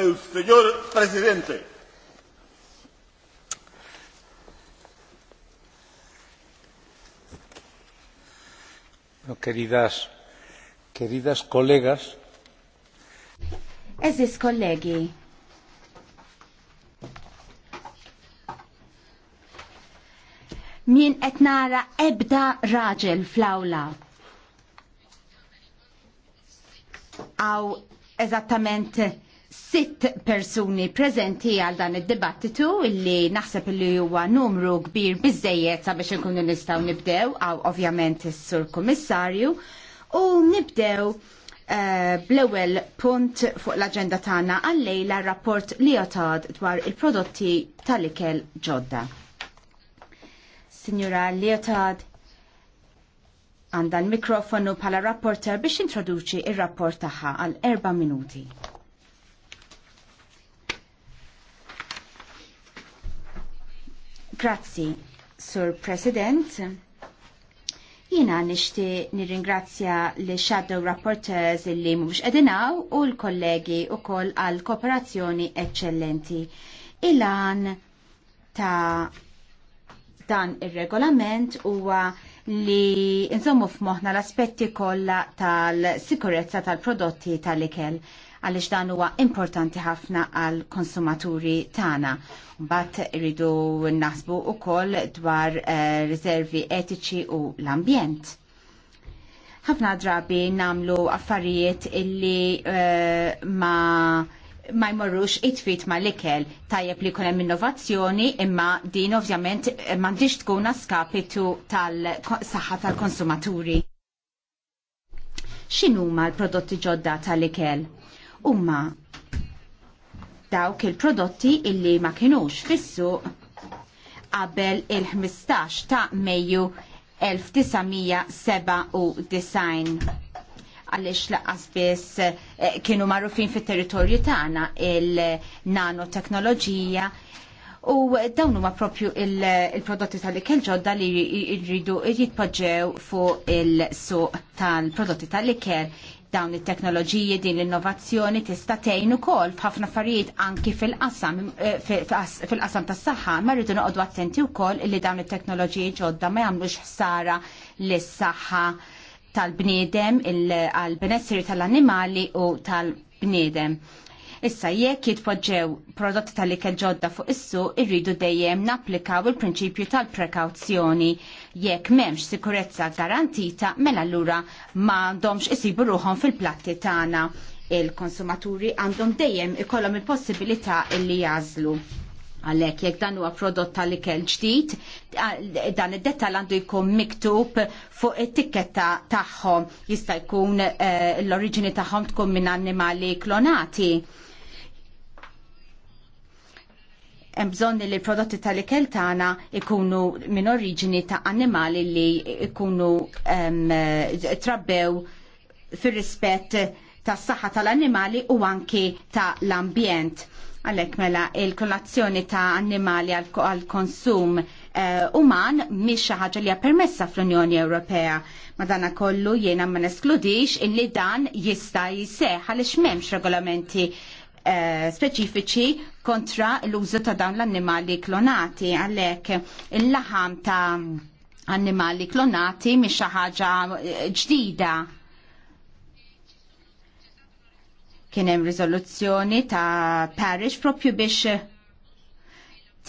El señor presidente. Queridas, queridas colegas. Eżis kollegi. Min qed nara ebda raġel fl-awla. Aw eżattament sitt persuni prezenti għal dan id-dibattitu illi naħseb illi huwa numru kbir biżejjed sabiex inkunu nistgħu nibdew għaw ovvjament is-sur kummissarju u nibdew uh, bl-ewwel punt fuq l-aġenda tagħna għallejla rapport jotad dwar il-prodotti tal-ikel ġodda. Signora Liotad, għanda l-mikrofonu pala rapporter biex introduċi il-rapport taħħa għal erba' minuti. Grazzi, Sur President. Jina nishti nirringrazzja li Shadow Rapporteurs li mux edinaw u l-kollegi u koll għal kooperazzjoni eccellenti. Ilan ta' dan il-regolament huwa li nżommu f'moħna l-aspetti kollha tal-sikurezza tal-prodotti tal-ikel. tal sikurezza tal prodotti tal ikel għaliex dan huwa importanti ħafna għal konsumaturi tagħna. Mbagħad irridu naħsbu wkoll dwar eh, riservi etiċi u l-ambjent ħafna drabi namlu affarijiet illi eh, ma ma jmorrux it-fit ma l-ikel tajjeb li kunem innovazzjoni imma din ovvjament mandiġ tkun skapitu tal-saħħa tal-konsumaturi. X'inhuma l-prodotti ġodda tal-ikel? huma dawk il-prodotti illi ma kinux fissu qabel il-15 ta' Mejju 1997 għalix laqas biss eh, kienu marrufin fit territorju tagħna il-nanoteknoloġija u dawn huma propju il-prodotti il tal-ikel ġodda li jridu jitpoġġew fuq il-suq tal-prodotti tal-ikel dawn it-teknoloġiji din l-innovazzjoni tista' tgħin ukoll f'ħafna affarijiet anki fil-qasam eh, fil-qasam tas-saħħa, ma rridu noqogħdu attenti wkoll li dawn it-teknoloġiji ġodda ma jagħmlux ħsara lis-saħħa tal-bniedem, għall benessri tal-annimali u tal-bniedem. Issa jekk jitpoġġew prodotti tal-ikel ġodda fuq issu, irridu dejjem napplikaw il-prinċipju tal-prekawzjoni. Jekk m'hemmx sikurezza garantita, mela allura m'għandhomx isibu ruhom fil-platti tagħna. Il-konsumaturi għandhom dejjem ikollhom il-possibilità li jażlu. Għalhekk jekk dan huwa prodott tal-ikel ġdid, dan id-dettal għandu jkun miktub fuq it-tikketta tagħhom jista' jkun eh, l-oriġini tagħhom tkun minn annimali klonati hemm bżonn li l-prodotti tal-ikel tagħna ikunu minn oriġini ta' annimali li ikunu um, trabbew fir-rispett tas saħħa tal-annimali u anki mela ta' l-ambjent. Għalek mela il-kolazzjoni ta' annimali għal-konsum uh, eh, uman xi ħaġa li permessa fl-Unjoni Ewropea. Madana kollu jiena ma neskludix illi dan jista' jiseħ għaliex m'hemmx regolamenti Eh, speċifiċi kontra l-użu ta' dawn l-annimali klonati għalhekk il-laħam ta' annimali klonati mi ħaġa eh, ġdida. Kien hemm riżoluzzjoni ta' Parish propju biex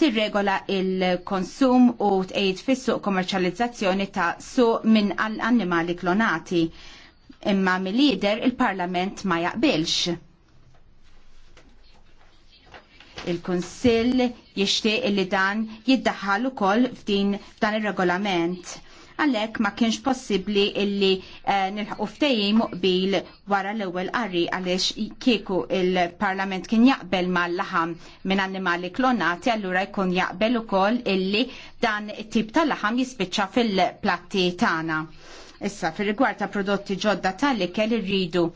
tirregola il-konsum u t fis-suq komerċalizzazzjoni ta' suq minn annimali klonati. Imma mill-lider il-Parlament ma jaqbilx. Il-Kunsill jixtieq li dan jiddaħħal ukoll f'din f'dan ir-regolament. Għalhekk ma kienx possibbli illi uh, eh, nilħqu ftehim wara l-ewwel qari għaliex kieku il-Parlament kien jaqbel mal-laħam minn annimali klonati allura jkun jaqbel ukoll illi dan it-tip tal-laħam jispiċċa fil-platti tagħna. Issa, fil rigward ta' prodotti ġodda tal-ikel irridu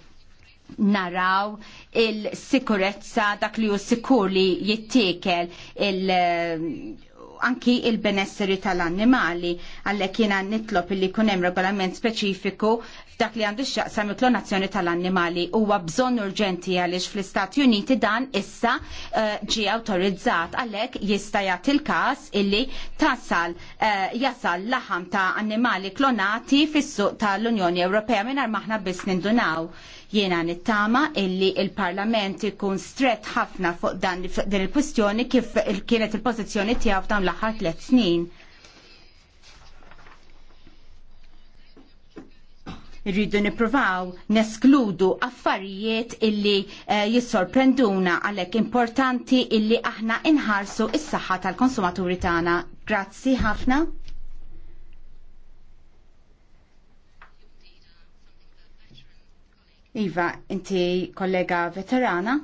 naraw il-sikurezza dak li ju sikur li jittekel il- eh, anki il-benesseri tal-annimali għallek jena nitlop li kunem regolament speċifiku f'dak li għandu xaqsam il-klonazzjoni tal-annimali huwa bżonn urġenti għaliex fl-Istati Uniti dan issa eh, ġi uh, autorizzat għalek jista' jagħti il-każ illi tasal uh, jasal laħam ta' annimali klonati fis-suq tal-Unjoni Ewropea mingħajr maħna biss nindunaw Jiena nittama illi il-Parlament ikun stret ħafna fuq dan din il-kwistjoni kif kienet il-pożizzjoni tiegħu f'dawn l-aħħar tliet snin. Irridu nippruvaw neskludu affarijiet illi eh, jissorprenduna għalhekk importanti illi aħna inħarsu is-saħħa tal-konsumaturi tagħna. Grazzi ħafna. Iva, inti kollega veterana?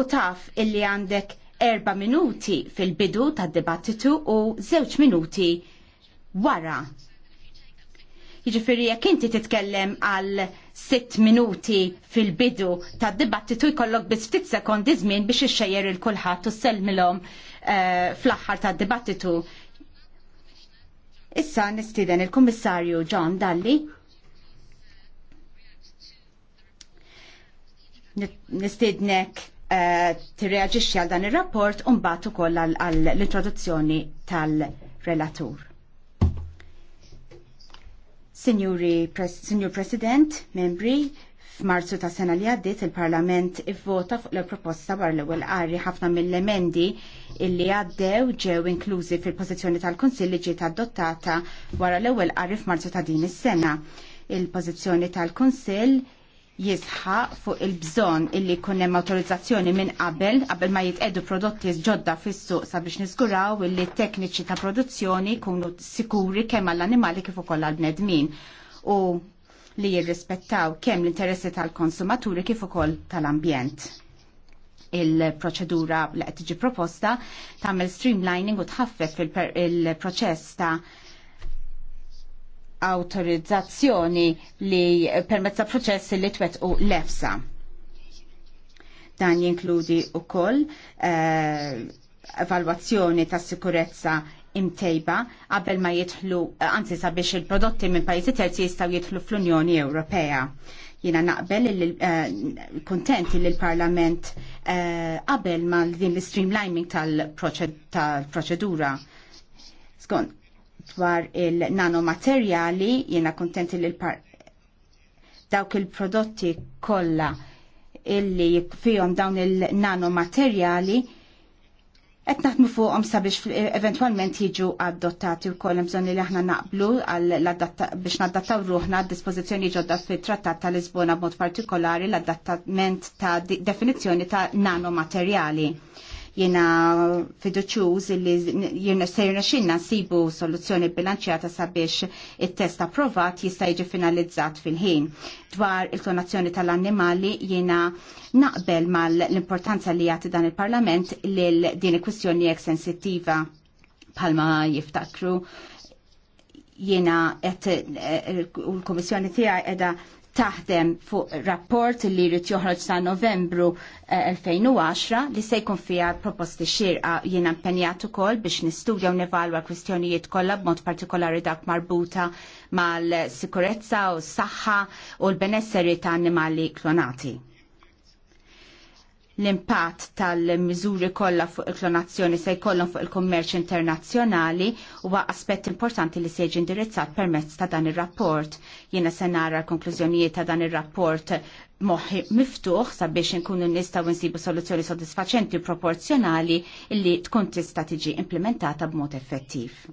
U taf illi għandek erba minuti fil-bidu tad dibattitu u zewċ minuti wara. Jiġifieri jekk inti titkellem għal sitt minuti fil-bidu tad dibattitu jkollok biss ftit sekondi żmien biex ixxejjer il kulħadd u selmilhom uh, eh, fl-aħħar tad dibattitu Issa nistiden il-Kummissarju John Dalli nistidnek uh, eh, tirreagġixxi għal dan ir-rapport u mbagħad ukoll għal l-introduzzjoni tal-relatur. Signori, Signor President, membri, F'Marzu ta' sena li għaddiet il-Parlament ivvota fuq l-proposta bar l-ewwel qari ħafna mill-emendi illi għaddew ġew inklużi fil-pożizzjoni tal-Kunsill li ġiet adottata wara l-ewwel qari f'Marzu ta' din is-sena. Il-pożizzjoni tal-Kunsill jisħaq fuq il-bżon illi kunnem autorizzazzjoni minn qabel, qabel ma jitqedu prodotti ġodda fis-suq sabiex niskuraw illi tekniċi ta' produzzjoni jkunu sikuri kemm għall-animali kif ukoll għall-bnedmin. U li jirrispettaw kemm l-interessi tal-konsumaturi kif ukoll tal-ambjent. Il-proċedura li qed tiġi proposta tagħmel streamlining u tħaffef il-proċess ta' autorizzazzjoni li permezz ta' proċessi li twettqu u lefsa. Dan jinkludi ukoll uh, evalwazzjoni ta' sikurezza imtejba qabel ma jidħlu, eh, anzi sabiex il-prodotti minn pajjiżi terzi jistgħu jidħlu fl-Unjoni Ewropea. Jiena naqbel il-kontent eh, li l-Parlament eh, qabel ma din l-streamlining tal-proċedura. Skont, dwar il-nanomaterjali jiena kontent li l-Parlament dawk il-prodotti kollha illi fihom dawn il-nanomaterjali Et naħdmu fuqhom sabiex eventwalment jiġu adottati wkoll u bżonn bżonni li aħna naqblu biex nadattaw ruħna dispożizzjoni ġodda fit-Trattat ta' Lisbona b'mod partikolari l-adattament ta' definizzjoni ta' nanomaterjali. Jena fiduċuż li jena sejna xinna sibu soluzzjoni bilanċjata sabiex il-test approvat jista' jiġi finalizzat fil-ħin. Dwar il tonazzjoni tal-annimali jena naqbel mal-importanza li jagħti dan il-Parlament lil din il-kwistjoni ek sensittiva palma jiftakru jena et eh, l-Komissjoni tija edha taħdem fuq rapport li jrid joħroġ ta' Novembru 2010 eh, li se jkun fiha proposti xirqa jiena impenjat ukoll biex nistudja u nevalwa kwistjonijiet kollha b'mod partikolari dak marbuta mal-sikurezza u s-saħħa u l-benesseri ta' annimali klonati l-impatt tal-miżuri kollha fuq il-klonazzjoni se jkollhom fuq il-kummerċ internazzjonali huwa aspett importanti li se jiġi indirizzat permezz ta' dan ir-rapport. Jiena se nara l-konklużjonijiet ta' dan ir-rapport moħħi miftuħ sabiex inkunu nistgħu nsibu soluzzjoni sodisfaċenti u proporzjonali illi tkun tista' tiġi implementata b'mod effettiv.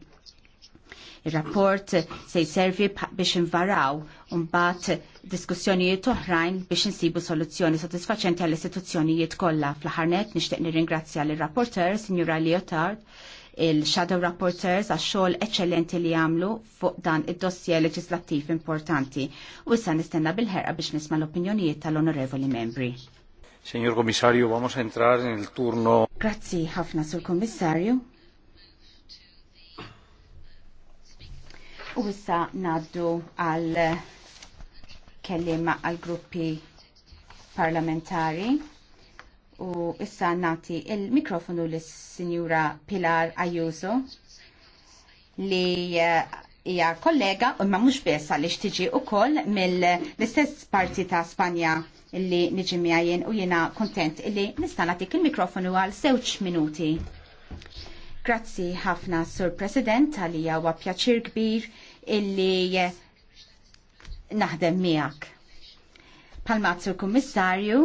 Il-rapport se jservi biex invaraw mbagħad diskussjonijiet oħrajn biex insibu soluzzjoni sodisfaċenti għall istituzzjonijiet kollha. Fl-ħarnet nixtieq nirringrazzja lir-rapporter, Signora Liotard, il-Shadow Rapporteurs għax xogħol eċċellenti li għamlu fuq dan id-dossier leġislattiv importanti. U issa nistenna bil-ħerqa biex nisma' l-opinjonijiet tal-onorevoli membri. Signor Komissarju, vamos a entrar nel turno. Grazzi ħafna sur Komissarju. U issa naddu għal kellima għal gruppi parlamentari u issa nati il-mikrofonu l-Sinjura Pilar Ayuso li eh, hija kollega u ma mhux li xtiġi tiġi wkoll mill-istess parti ta' Spanja li niġi u jiena kuntent illi nista' nagħtik il-mikrofonu għal żewġ minuti. Grazzi ħafna Sur President għalija huwa pjaċir kbir illi naħdem miegħek. Palma Sur Kummissarju,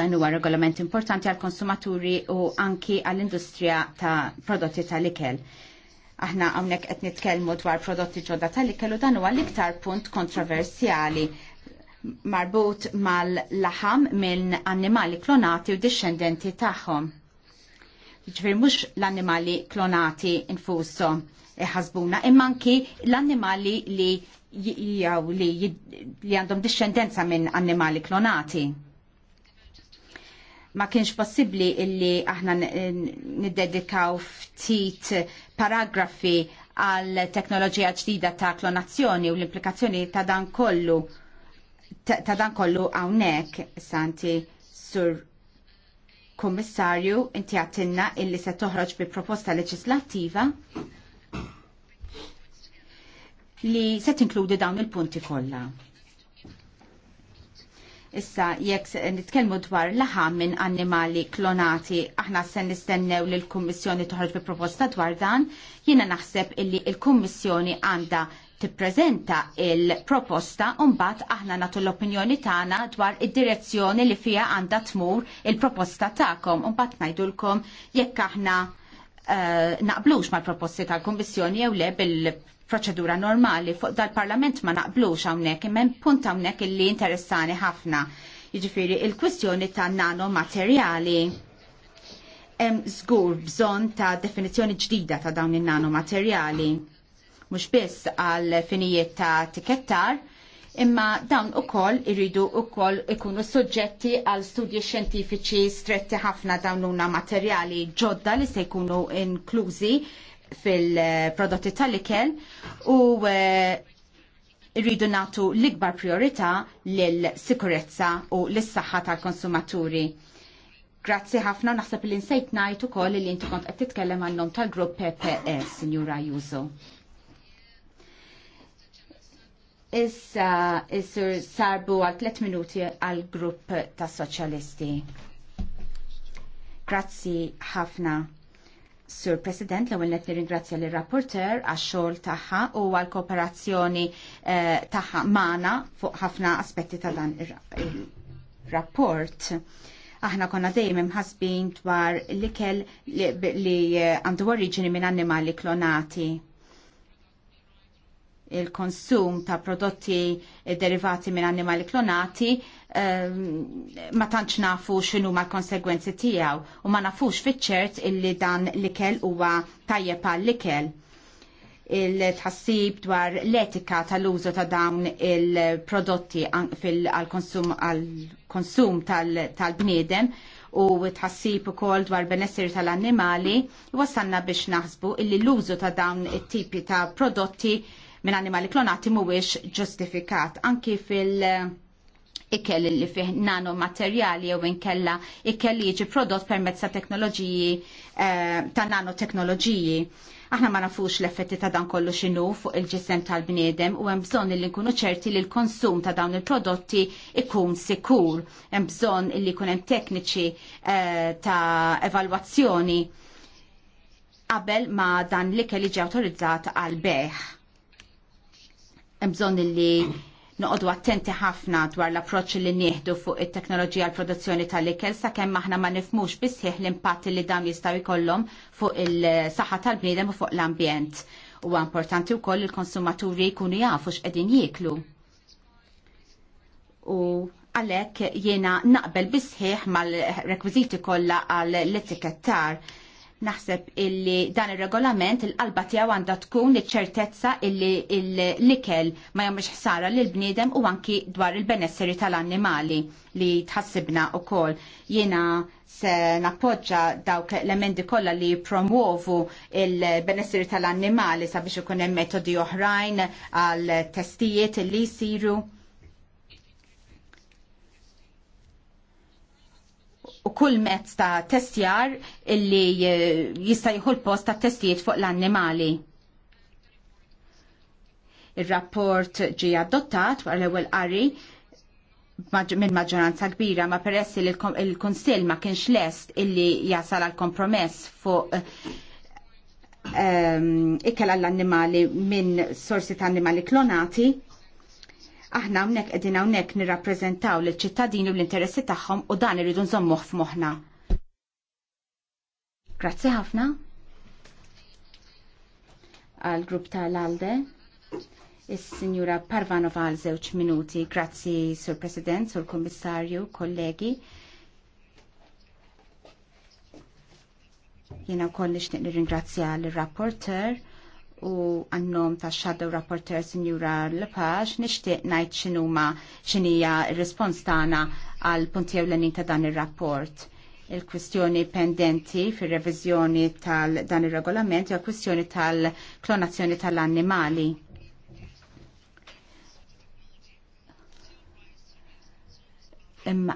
dan huwa regolament importanti għal konsumaturi u anki għall-industrija ta' prodotti tal-ikel. Aħna hawnhekk qed nitkellmu dwar prodotti ġodda tal-ikel u dan huwa l-iktar punt kontroversjali marbut mal-laħam minn annimali klonati u discendenti tagħhom ġifir mux l-annimali klonati infusom ħasbuna, immanki l-annimali li jgħaw li, li għandhom discendenza minn annimali klonati. Ma kienx possibli illi aħna niddedikaw ftit paragrafi għal teknoloġija ġdida ta' klonazzjoni u l-implikazzjoni ta' dan kollu ta' dan kollu għawnek, santi, sur Kommissarju, inti għattinna illi se toħroġ bi proposta leġislattiva li se tinkludi dawn il-punti kollha. Issa, jekk nitkellmu dwar laħa minn annimali klonati, aħna se nistennew li l-Kummissjoni toħroġ bi proposta dwar dan, jiena naħseb illi l-Kummissjoni għandha tippreżenta il-proposta mbagħad aħna nagħtu l-opinjoni tagħna dwar id-direzzjoni li fiha għandha tmur il-proposta tagħkom u mbagħad ngħidulkom jekk aħna uh, naqblux mal-proposti tal-Kummissjoni jew le bil proċedura normali fuq dal-Parlament ma naqblux hawnhekk imma punt hawnhekk illi interessani ħafna. Jiġifieri il-kwistjoni tan nanomaterjali hemm żgur bżonn ta' definizzjoni ġdida ta' dawn in-nanomaterjali. materjali mhux biss għal finijiet ta' tikettar, imma dawn ukoll iridu ukoll ikunu suġġetti għal studji xjentifiċi stretti ħafna dawn huna materjali ġodda li se jkunu inklużi fil-prodotti tal-ikel u eh, irridu natu l-ikbar priorità l-sikurezza u l-saħħa tal-konsumaturi. Grazzi ħafna naħseb li nsejt ngħid ukoll li inti kont qed titkellem għal nom tal-grupp PPS, Sinjura Juso. Issa issur sarbu għal 3 minuti għal grupp ta' soċjalisti. Grazzi ħafna. Sur President, l-ewwel qed nirringrazzja lir rapporter għax-xogħol tagħha u għall kooperazzjoni eh, tagħha magħna fuq ħafna aspetti ta' dan ir-rapport. Aħna konna dejjem imħasbin dwar l-ikel li għandu oriġini minn annimali klonati il-konsum ta' prodotti derivati minn annimali klonati ehm, ma tantx nafu x'inhu ma l-konsegwenzi tiegħu u ma nafux fiċ-ċert illi dan l-ikel huwa tajjeb għall-ikel il-tħassib dwar l-etika tal-użu ta' dawn il-prodotti għal-konsum tal-bniedem u tħassib ukoll dwar benessir tal-annimali wasanna biex naħsbu illi l-użu ta' dawn it-tipi ta' prodotti minn animali klonati mhuwiex ġustifikat. Anki fil- ikkel li fih nano materjali jew inkella ikkel li jiġi prodott permezz ta' teknoloġiji eh, ta' nanoteknoloġiji. Aħna ma nafux l-effetti ta' dan kollu xinu fuq il-ġisem tal-bniedem u hemm bżonn li nkunu ċerti li l-konsum ta' dawn il-prodotti ikun sikur. Hemm bżonn li jkun hemm tekniċi eh, ta' evalwazzjoni qabel ma dan l kelli ġi awtorizzat għal beħ bżon li noqodu attenti ħafna dwar l approċ li nieħdu fuq it-teknoloġija l produzzjoni tal-ikel sakemm aħna ma nifmux bisħieħ l-impatt li dam jistgħu jkollhom fuq il-saħħa tal-bniedem u fuq l-ambjent. Huwa importanti wkoll il-konsumaturi jkunu jafu x'qegħdin jieklu. U għalhekk jiena naqbel bisħieħ mal-rekwiżiti kollha għall-etikettar Naħseb illi dan ir-regolament il-qalba tiegħu għandha tkun iċ-ċertezza illi l-ikel ma jagħmilx ħsara lil bniedem u anki dwar il-benesseri tal-annimali li tħassibna wkoll. Jiena se nappoġġa dawk l-emendi kollha li promuovu il benesseri tal-annimali sabiex ikun hemm metodi oħrajn għal testijiet li jsiru u kull mezz ta' testjar illi eh, jista' jieħu l-post ta' testijiet fuq l-annimali. Ir-rapport ġie adottat wara l-ewwel qari minn maġġoranza kbira ma peressi li l kunsill ma kienx lest illi jasal għal kompromess fuq um, ehm, ikkel għall-annimali minn sorsi ta' annimali klonati Aħna hawnhekk qegħdin hawnhekk nirrappreżentaw lil ċittadini u l-interessi tagħhom u dan irridu nżommuh f'moħħna. Grazzi ħafna. Għal grupp tal-Alde. Is-Sinjura Parvanova għal żewġ minuti. Grazzi, Sur President, Sur Kommissarju, kollegi. Jena koll nixtieq nirringrazzja l-rapporter u għannom ta' Shadow Rapporteur Signora Lepage nishtiq najt xinuma xinija il-respons tana għal punti għanin ta' dan il-rapport. Il-kwistjoni pendenti fir revizjoni tal-dan il-regolament u kwistjoni tal-klonazzjoni tal-annimali. Imma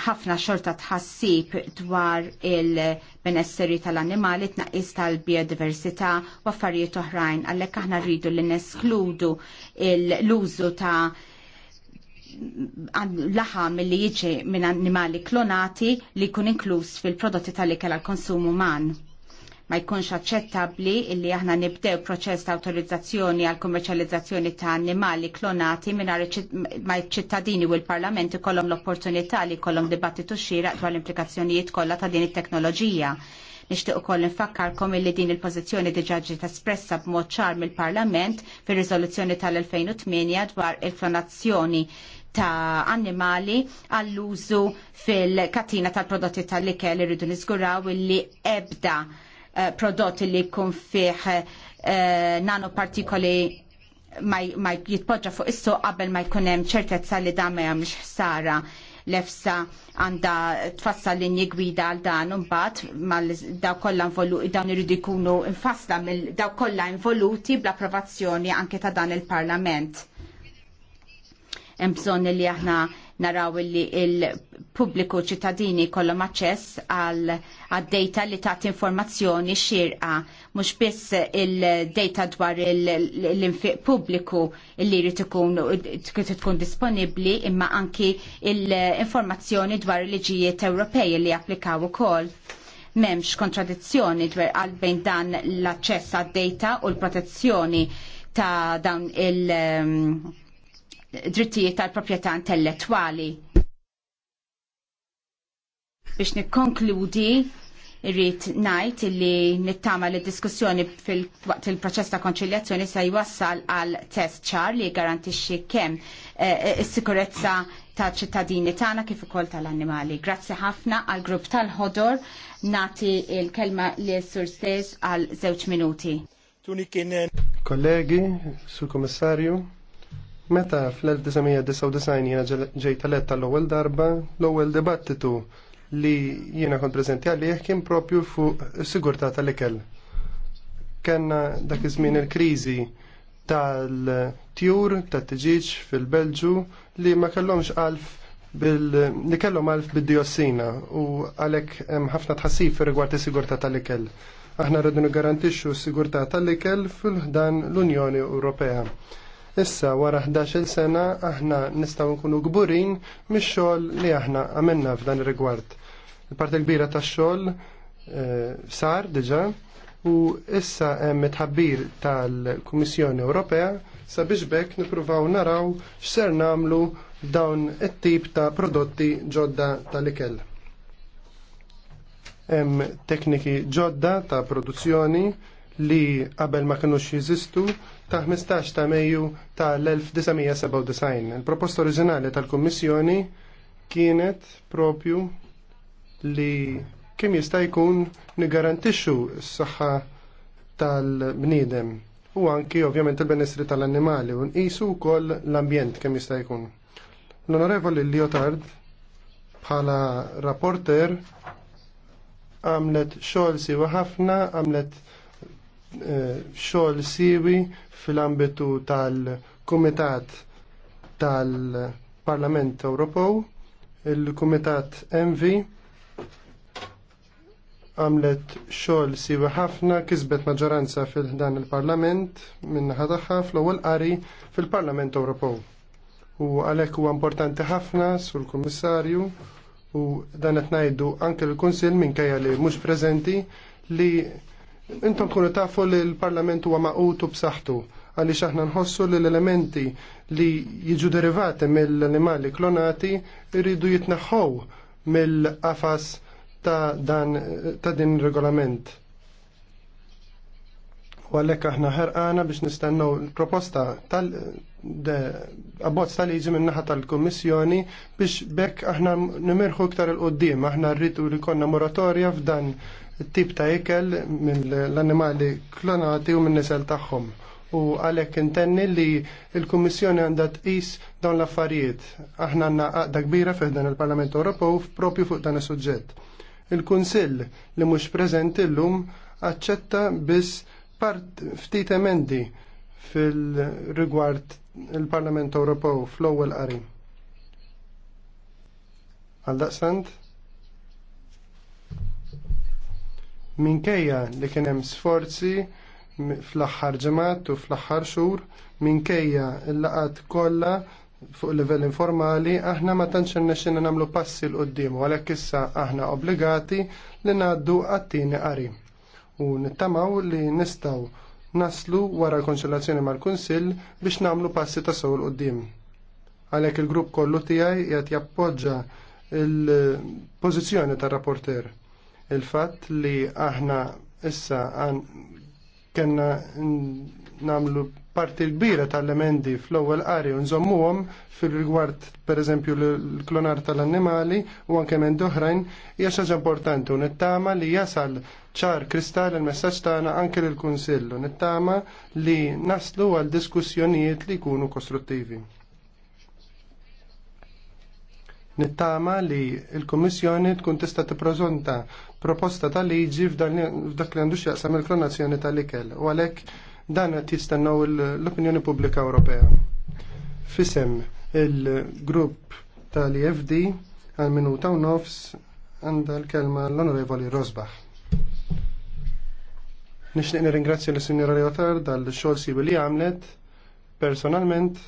ħafna xorta tħassib dwar il-benesseri tal-annimali, tnaqis tal-biodiversità u affarijiet oħrajn, għallek aħna rridu li neskludu l-użu ta' laħam li jiġi minn annimali klonati li kun inkluż fil-prodotti tal-ikel għal-konsum uman ma jkunx aċċettabbli illi aħna nibdew proċess ta' autorizzazzjoni għal kummerċjalizzazzjoni ta' annimali klonati mingħajr ma ċittadini u l-Parlament ikollhom l-opportunità li jkollhom dibattitu xieraq dwar l-implikazzjonijiet kollha ta' din it-teknoloġija. Nixtieq ukoll infakkarkom illi din il-pożizzjoni diġà ġiet espressa b'mod ċar mill-Parlament fir-riżoluzzjoni tal-2008 dwar il-klonazzjoni ta' annimali għall-użu fil-katina tal-prodotti tal-ikel irridu nizguraw illi ebda Eh, prodotti li jkun fih eh, nanopartikoli ma jitpoġġa fuq issu qabel ma jkun hemm ċertezza li dan ma jagħmilx ħsara lefsa għanda tfassa linji gwida għal dan mbagħad mal daw kollha involuti dawn iridu jkunu infassla mill daw kollha involuti bl-approvazzjoni anke ta' dan il-Parlament. Hemm bżonn li aħna naraw li il-pubbliku ċittadini kollom aċċess għal data li tat informazzjoni xirqa mhux biss il-data dwar l-infiq pubbliku li jrid ikun tkun disponibbli imma anki l-informazzjoni dwar il-liġijiet Ewropej li applikaw ukoll memx kontradizzjoni dwar għal bejn dan l-aċċess għad-data u l-protezzjoni ta' dawn il- drittijiet tal-proprjetà intellettwali. Biex nikkonkludi, irrit najt li nittama li diskussjoni fil-waqt il-proċess ta' konċiljazzjoni se jwassal għal test ċar li garantixxi kemm eh, eh, is-sikurezza ta' ċittadini tagħna kif ukoll tal-annimali. Grazzi ħafna għal grupp tal-ħodor nati il-kelma li sur stejs għal żewġ minuti. Kollegi, Sur Kommissarju, Meta fl-1999 jena ġejt eletta l-ewwel darba, l-ewwel dibattitu li jiena kont preżenti għalih kien propju fuq sigurtà tal-ikel. Kenna dak iż-żmien il-kriżi tal-tjur, tat-tiġiġ fil-Belġu li ma kellhomx alf bil li kellhom alf bid-diossina u għalhekk hemm ħafna tħassib rigward is-sigurtà tal-ikel. Aħna rridu nigarantixxu s-sigurtà tal-ikel fil-ħdan l-Unjoni Ewropea. Issa wara 11 sena aħna nistgħu nkunu gburin mix-xogħol li aħna għamilna f'dan ir-rigward. Il-parti kbira tax-xogħol eh, sar diġà u issa hemm it tħabbir tal-Kummissjoni Ewropea sabiex bekk nippruvaw naraw x'ser nagħmlu dawn it-tip ta' prodotti ġodda tal-ikel. Hemm tekniki ġodda ta' produzzjoni li qabel ma kinux jeżistu ta' 15 ta' Mejju tal-1997. Il-proposta oriġinali tal-Kummissjoni kienet propju li kemm jista' jkun nigarantixxu s-saħħa tal-bniedem u anki ovvjament il-benessri tal-annimali u nqisu wkoll l-ambjent kemm jista' jkun. L-Onorevoli Liotard bħala rapporter għamlet xogħol siwa ħafna, għamlet xogħol siwi fil-ambitu tal-Kumitat tal-Parlament Ewropew, il-Kumitat Envi għamlet xogħol siwi ħafna kisbet maġġoranza fil-dan il-Parlament minn tagħha fl-ewwel qari fil-Parlament Ewropew. U għalhekk huwa importanti ħafna sur kummissarju u dan qed ngħidu anke l-Kunsill minkejja li mhux preżenti li intom tkunu tafu li l-Parlament huwa maqutu b'saħħtu għaliex aħna nħossu li l-elementi li jiġu derivati mill-animali klonati irridu jitnaħħow mill-qafas ta' dan ta' din regolament. U għalhekk aħna ħerqana biex nistennew proposta tal abbozz tal-liġi min-naħa tal-Kummissjoni biex bekk aħna nimirħu iktar il-qoddim, aħna rridu li konna moratorja f'dan tip ta' ikel mill-annimali klonati u minn nisel tagħhom. U għalhekk intenni li l-Kummissjoni għandha tqis dawn l-affarijiet. Aħna għandna għaqda kbira fih il-Parlament Ewropew propju fuq dan is-suġġett. Il-Kunsill li mhux preżenti llum aċċetta biss part ftit emendi fil-rigward il-Parlament Ewropew fl-ewwel qari. Għaldaqsant? minkejja li kien hemm sforzi fl-aħħar ġemat u fl-aħħar xhur minkejja l-laqat kollha fuq livell informali aħna ma tantx irnexxinna nagħmlu passi l qudiem u għalhekk issa aħna obbligati li ngħaddu għat-tieni qari. U nittamaw li nistgħu naslu wara l-konsultazzjoni mal-Kunsill biex nagħmlu passi ta' sew l qudiem Għalhekk il-grupp kollu tiegħi qed jappoġġa l pożizzjoni tar-rapporter il-fatt li aħna issa kena namlu parti kbira tal-emendi fl-ewwel qari u nżommuhom fil-rigward pereżempju l-klonar tal-annimali u anke minn oħrajn hija xi importanti u nittama li jasal ċar kristall il-messaġġ tagħna anke lill kunsill u nittama li naslu għal diskussjonijiet li jkunu kostruttivi. Nittama li il-Kommissjoni tkun tista' tipprożonta proposta ta' liġi f'dak li għandu x'jaqsam il-klonazzjoni tal-ikel u għalhekk dan qed jistennew l-opinjoni pubblika Ewropea. Fisem il-grupp tal-IFD għal minuta u nofs għandha l-kelma l-Onorevoli Rosbach. Nixtieq nirringrazzja l-Sinjora Leotard għal xogħol sibi li għamlet personalment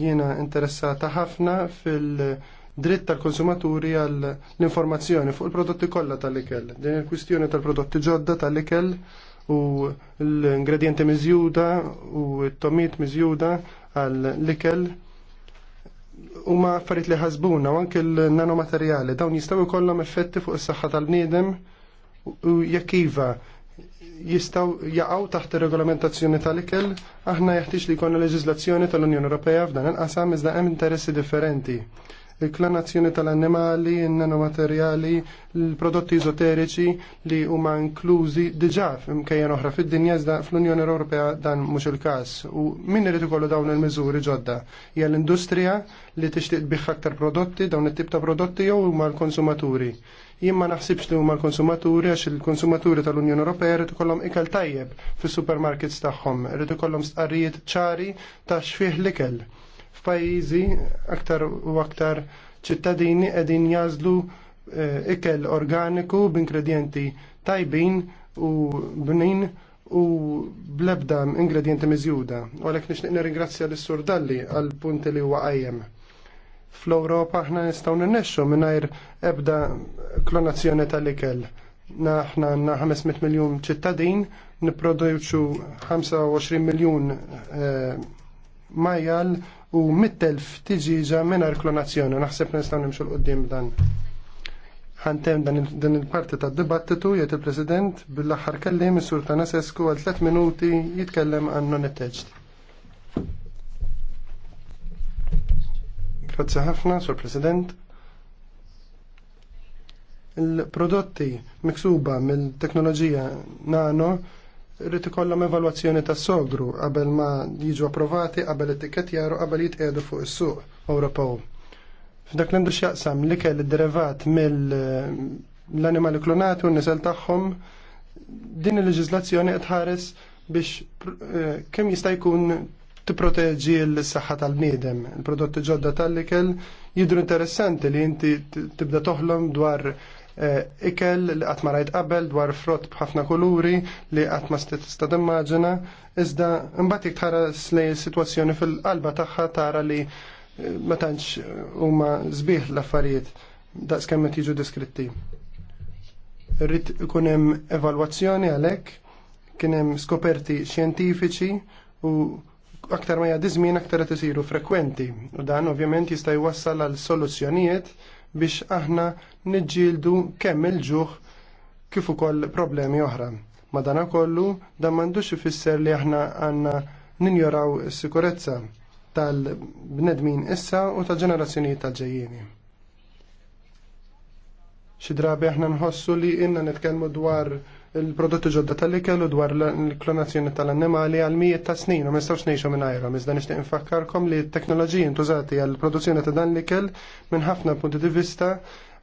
Jiena interessata ħafna fil-dritt tal-konsumaturi għall informazzjoni fuq il-prodotti kollha tal-ikel. Din il-kwistjoni tal-prodotti ġodda tal-ikel u l-ingredienti miżjuda u t tomit miżjuda għall-ikel huma affarijiet li ħasbuna u anke l-nanomaterjali dawn jistgħu jkollhom effetti fuq is-saħħa tal-bniedem u jekk iva jistaw jaqaw taħt ir-regolamentazzjoni tal-ikel, aħna jeħtieġ li jkollna leġizlazzjoni tal-Unjoni Ewropea f'dan il-qasam iżda hemm interessi differenti. il klanazzjoni tal-annimali, il-nanomaterjali, il-prodotti izoteriċi li huma inklużi diġà f'imkejjen oħra fid-dinja iżda fl-Unjoni Ewropea dan mhux il-każ. U min irid ikollu dawn il-miżuri ġodda? Hija l-industrija li tixtieq biħ aktar prodotti, dawn it-tip ta' prodotti jew huma l-konsumaturi? jien ma naħsibx li huma l-konsumaturi għax il-konsumaturi tal-Unjoni Ewropea rrid ikollhom ikel tajjeb fis-supermarkets tagħhom, rrid ikollhom stqarrijiet ċari ta' xfih l-ikel. F'pajjiżi aktar u aktar ċittadini qegħdin jażlu eh, ikel organiku b'ingredjenti tajbin u bnin u blebda ingredienti mizjuda. U għalek nix nirringrazzja l-sur Dalli għal-punti li huwa għajjem fl-Europa ħna nistaw ninnexxu mingħajr ebda klonazzjoni tal-ikel. Naħna għandna 500 miljun ċittadin, nipproduċu 25 miljun eh, majjal u 100.000 tiġiġa mingħajr klonazzjoni. Naħseb nistgħu nimxu l qoddim dan. Ħantem dan il-parti tad dibattitu jgħid il-President bil-aħħar kellim is-Sur Tanasesku għal 3 minuti jitkellem għannu non Grazie ħafna, Sur President. Il-prodotti miksuba mill-teknoloġija nano rrit ikollhom evalwazzjoni tas sogru qabel ma jiġu approvati, qabel etikettjaru, qabel jitqiegħdu fuq is-suq Ewropew. F'dak l-għandu x'jaqsam li kell derivat mill-animali klonati u nisel tagħhom din il-leġiżlazzjoni qed ħares biex eh, kemm jista' jkun tipproteġi l-saħħa tal miedem Il-prodotti ġodda tal-ikel jidru interessanti li inti tibda toħlom dwar eh, ikel li qatt ma rajt qabel dwar frott b'ħafna kuluri li qatt ma tista' iżda mbagħad jekk s lejn is-sitwazzjoni fil-qalba tagħha tara li eh, ma tantx eh, huma sbieħ l-affarijiet daqskemm qed jiġu diskritti. Rrid ikun hemm evalwazzjoni għalhekk, kien hemm skoperti xjentifiċi u aktar ma jadizmin aktar qed isiru frekwenti u dan ovvjament jista' jwassal għal soluzzjonijiet biex aħna niġġieldu kemm il-ġuħ kif ukoll problemi oħra. Madanakollu dan m'għandux ifisser li aħna għandna ninjoraw is-sikurezza tal-bnedmin issa u ta' ġenerazzjonijiet tal-ġejjieni. Xi drabi aħna nħossu li inna nitkellmu dwar il-prodotti ġodda tal-ikel u dwar l-klonazzjoni tal-annimali għal mijiet ta' snin u mistawx nejxu minn ajra. Mizda nixtieq infakkarkom li t-teknoloġiji intużati għal produzzjoni ta' dan l-ikel minn ħafna punti di vista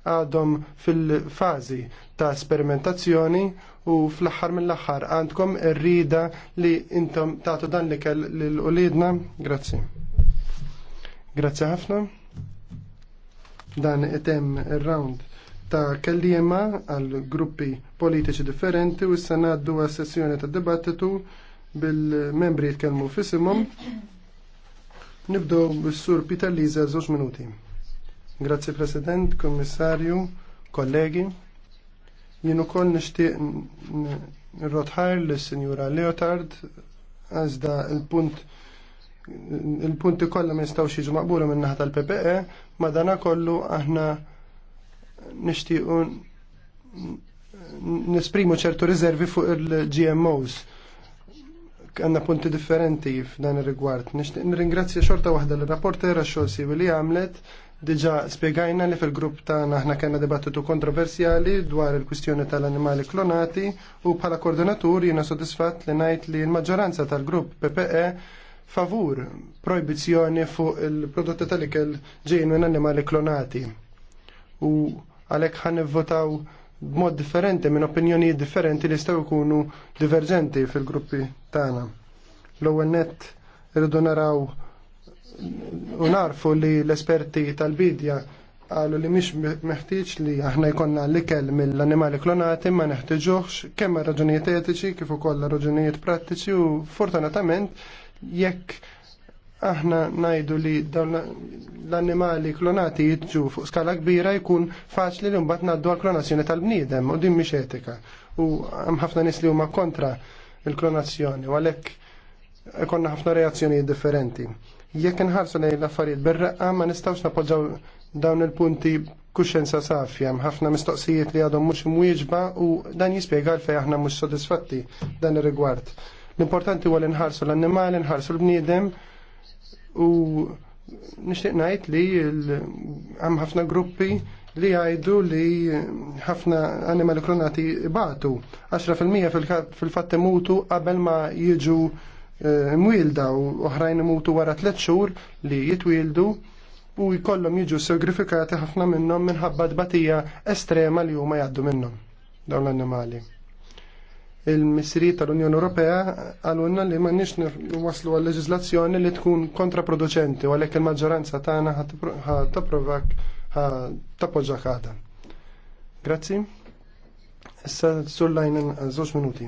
għadhom fil-fażi ta' sperimentazzjoni u fl-aħħar mill-aħħar għandkom rrida li intom tagħtu dan l-ikel l-ulidna. Grazzi. Grazzi ħafna. Dan item ir-round ta' kellima għal gruppi politiċi differenti u issa ngħaddu għas sessjoni ta' dibattitu bil-membri jitkellmu fisimhom. Nibdew bil sur Peter Liza żewġ minuti. Grazzi President, Kommissarju, kollegi. Jien ukoll nixtieq rotħar lis-Sinjura Leotard għażda il-punt il-punti kollha ma jistgħux jiġu maqbula minn naħa tal-PPE, madana kollu aħna nishtiqu nesprimu ċertu riservi fuq il-GMOs. Għanna punti differenti f'dan ir-rigward. Nirringrazzja xorta waħda l-rapporter għax-xogħol li għamlet Diġa spiegajna li fil-grupp ta' naħna kena dibattitu kontroversjali dwar il-kwistjoni tal-animali klonati u bħala koordinatur jina sodisfat li najt li l-maġġoranza tal-grupp PPE favur proibizjoni fuq il-prodotti tal-ikel ġejn minn animali klonati. U għalhekk ħan votaw b'mod differenti minn opinjonijiet differenti li staw jkunu diverġenti fil-gruppi tagħna. L-ewwel nett irridu naraw u narfu li l-esperti tal-bidja għallu li mhix meħtieġ li aħna jkollna l-ikel mill-annimali klonati ma neħtieġuhx kemm raġunijiet etiċi kif ukoll raġunijiet prattiċi u fortunatament jekk aħna najdu li dawn l-annimali klonati jitġu fuq skala kbira jkun faċli li mbagħad ngħaddu għall klonazzjoni tal-bniedem u din mhix etika. U hemm ħafna nies li huma kontra l klonazzjoni u għalhekk ikonna ħafna reazzjonijiet differenti. Jekk inħarsu lejn l-affarijiet bir-raqqa ma nistgħux napoġġaw dawn il-punti kuxenza safja, ħafna mistoqsijiet li għadhom mhux imwieġba u dan jispjega fejn aħna mhux sodisfatti dan ir-rigward. L-importanti huwa li nħarsu l-annimali, nħarsu l-bniedem, u nixtieq ngħid li hemm ħafna gruppi li għajdu li ħafna animali klonati batu. 10% fil-fatt imutu qabel ma jiġu eh, mwilda u oħrajn imutu wara tliet xhur li jitwildu, u jkollhom jiġu sagrifikati ħafna minnhom minħabba tbatija estrema li huma jgħaddu minnhom dawn l-annimali il-misri tal-Unjoni Ewropea għalunna li ma nix waslu għal leġizlazzjoni li tkun kontraproducenti u għalhekk il-maġġoranza tagħna ħapprovak tappoġġak għada. Grazzi. Issa sullajn żewġ minuti.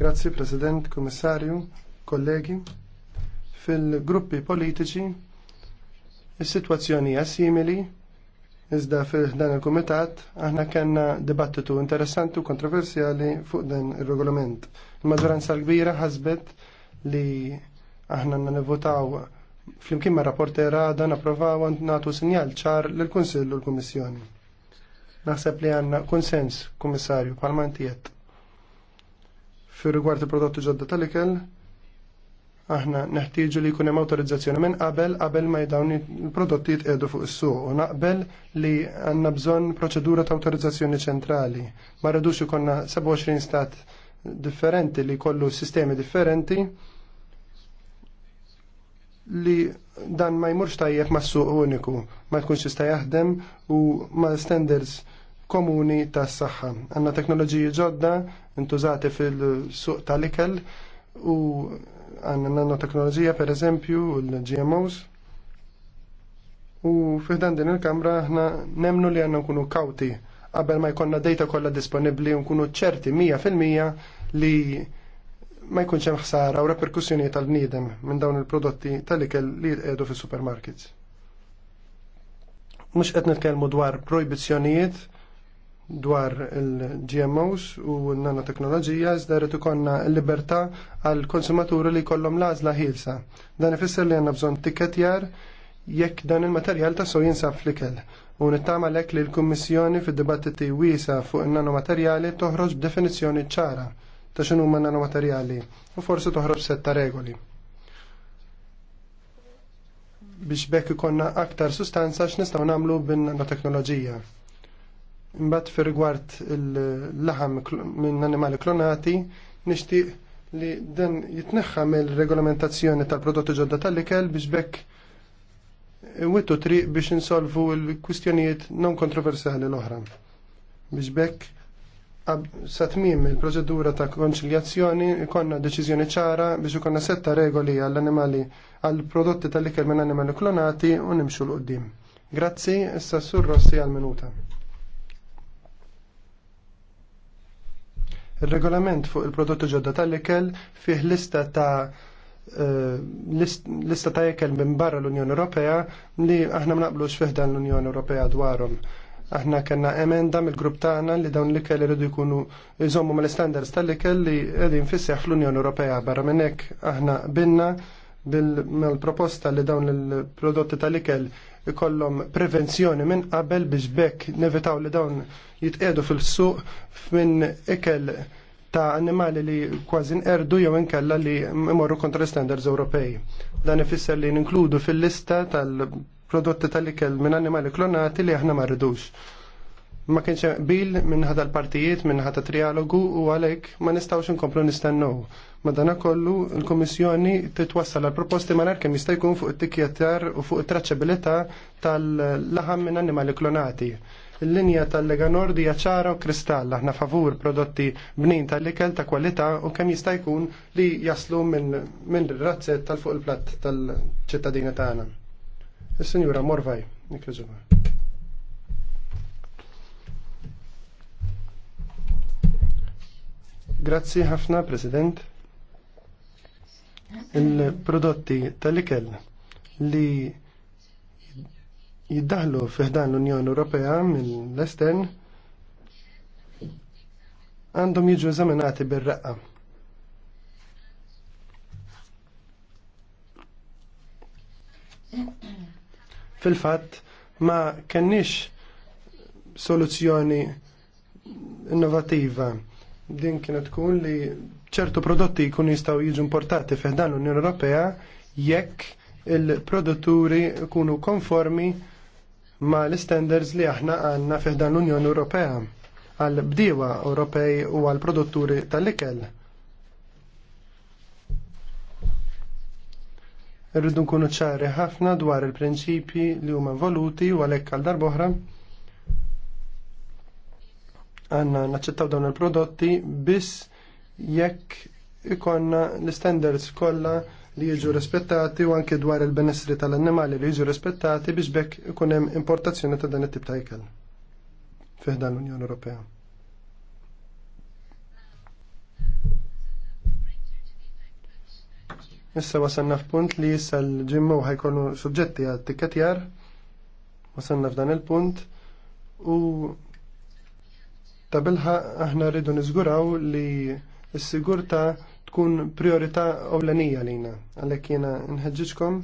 Grazzi President, Kummissarju, kollegi. Fil-gruppi politiċi is-sitwazzjoni hija simili Iżda fil-dan il-Kumitat aħna kellna dibattitu interessanti u kontroversjali fuq dan ir-regolament. il maġoranza l-kbira ħasbet li aħna nivvotaw flimkien ma' rapportera dan approvaw nagħtu sinjal ċar lill-Kunsill u l-Kummissjoni. Naħseb li għandna konsens, Kummissarju, palmantijiet. Fi rigward il-prodotti ġodda tal-ikel, Aħna neħtieġu li jkun hemm awtorizzazzjoni minn qabel qabel ma dawn il-prodotti jitqiedu fuq is-suq u naqbel li għandna bżonn proċedura ta' awtorizzazzjoni ċentrali. Ma rridux ikonna 27 stat differenti li jkollu sistemi differenti li dan ma jmurx tajjeb ma' suq uniku, ma tkunx jista' jaħdem u ma' standards komuni tas saħħa Għanna teknoloġiji ġodda intużati fil-suq tal-ikel u għanna nanoteknoloġija per eżempju l-GMOs u fiħdan din il-kamra ħna nemnu li għanna nkunu kauti qabel ma jkonna data kollha disponibli u nkunu ċerti 100% li ma jkunx hemm ħsara u reperkussjoni tal-bniedem minn dawn il-prodotti tal-ikel li jqiegħdu fis-supermarkets. Mhux qed nitkellmu dwar projbizzjonijiet dwar il-GMOs u n-nanoteknoloġija iżda rrid ikollna l-libertà għal konsumaturi li jkollhom l-għażla Dan ifisser li għandna bżonn tikketjar jekk dan il-materjal ta' sow jinsab fl-ikel. U nittama lek li l-Kummissjoni fid-dibattiti wiesa fuq in-nanomaterjali toħroġ b'definizzjoni ċara ta' xinu ma' nanomaterjali u forsi toħroġ setta regoli. Biex bekk ikonna aktar sustanza x'nistgħu nagħmlu bin nanoteknoloġija Mbagħad fir-rigward il-laħam minn animali klonati, nixtieq li dan jitneħħa mill-regolamentazzjoni tal-prodotti ġodda tal-ikel biex bekk wittu triq biex insolvu l-kwistjonijiet non kontroversjali l-oħra. Biex bekk satmim il-proċedura ta' konċiljazzjoni ikonna deċiżjoni ċara biex ikonna setta regoli għall-animali għall-prodotti tal-ikel minn animali klonati u nimxu l-qoddim. Grazzi, issa Rossi għal-minuta. Il-regolament fuq il-prodotti ġodda tal-ikel fih lista ta' eh, lista ta' ikel minn barra l-Unjoni Ewropea li aħna mnaqblux fih dan l-Unjoni Ewropea dwarhom. Aħna kellna emenda mill-grupp tagħna li dawn l-ikel iridu jkunu jżommu mal-istandards tal-ikel li qegħdin fisseħ fl-Unjoni Ewropea barra minn hekk aħna binna bil-proposta li dawn il-prodotti tal-ikel ikollhom prevenzjoni minn qabel biex bekk nevitaw li dawn jitqedu fil-suq minn ikel ta' animali li kważi nqerdu jew inkella li imorru kontra standards Ewropej. Dan ifisser li ninkludu fil-lista tal-prodotti tal-ikel minn animali klonati li aħna ma rridux ma kienx bil minnħata l-partijiet, minn minnħata trialogu u għalek ma nistawx nkomplu nistennu. Madana kollu l-Komissjoni titwassal għal-proposti ma narkem jista' jkun fuq it-tikjetar u fuq it traċċabilità tal-laħam minn annimali klonati. Il-linja tal-Lega Nordi ċara u kristall aħna favur prodotti bnin tal-ikel ta' kwalità u kemm jista' jkun li jaslu minn razzet tal-fuq il-platt tal-ċittadina tagħna. Is-Sinjura Morvaj, nikkeżuma. Grazzi ħafna, President. Il-prodotti tal-ikel li jiddaħlu fiħdan l-Unjoni Ewropea mill-estern għandhom jiġu eżaminati bir-raqqa. Fil-fatt, ma kenniex soluzzjoni innovativa din kienet tkun li ċertu prodotti jkun jistgħu jiġu importati fiħdan l-Unjoni Ewropea jekk il-produtturi jkunu konformi ma l-standards li aħna għandna fiħdan l-Unjoni Ewropea għal bdiewa Ewropej u għal produtturi tal-ikel. Rridu nkunu ċari ħafna dwar il-prinċipji li huma voluti u għalhekk għal darboħra għanna naċċettaw dawn il-prodotti biss jekk ikonna l-standards kollha li jiġu rispettati u anke dwar il-benessri tal-annimali li jiġu rispettati biex bekk ikun hemm importazzjoni ta' dan it-tip ta' ikel fiħdan l-Unjoni Ewropea. Issa wasanna f'punt li issa l-ġimmu ħajkunu suġġetti għal tikketjar, wasanna f'dan il-punt u Ta' bilħa aħna rridu niżguraw li s-sigurta tkun priorità ewlenija lina. Għalhekk jiena nħeġġiġkom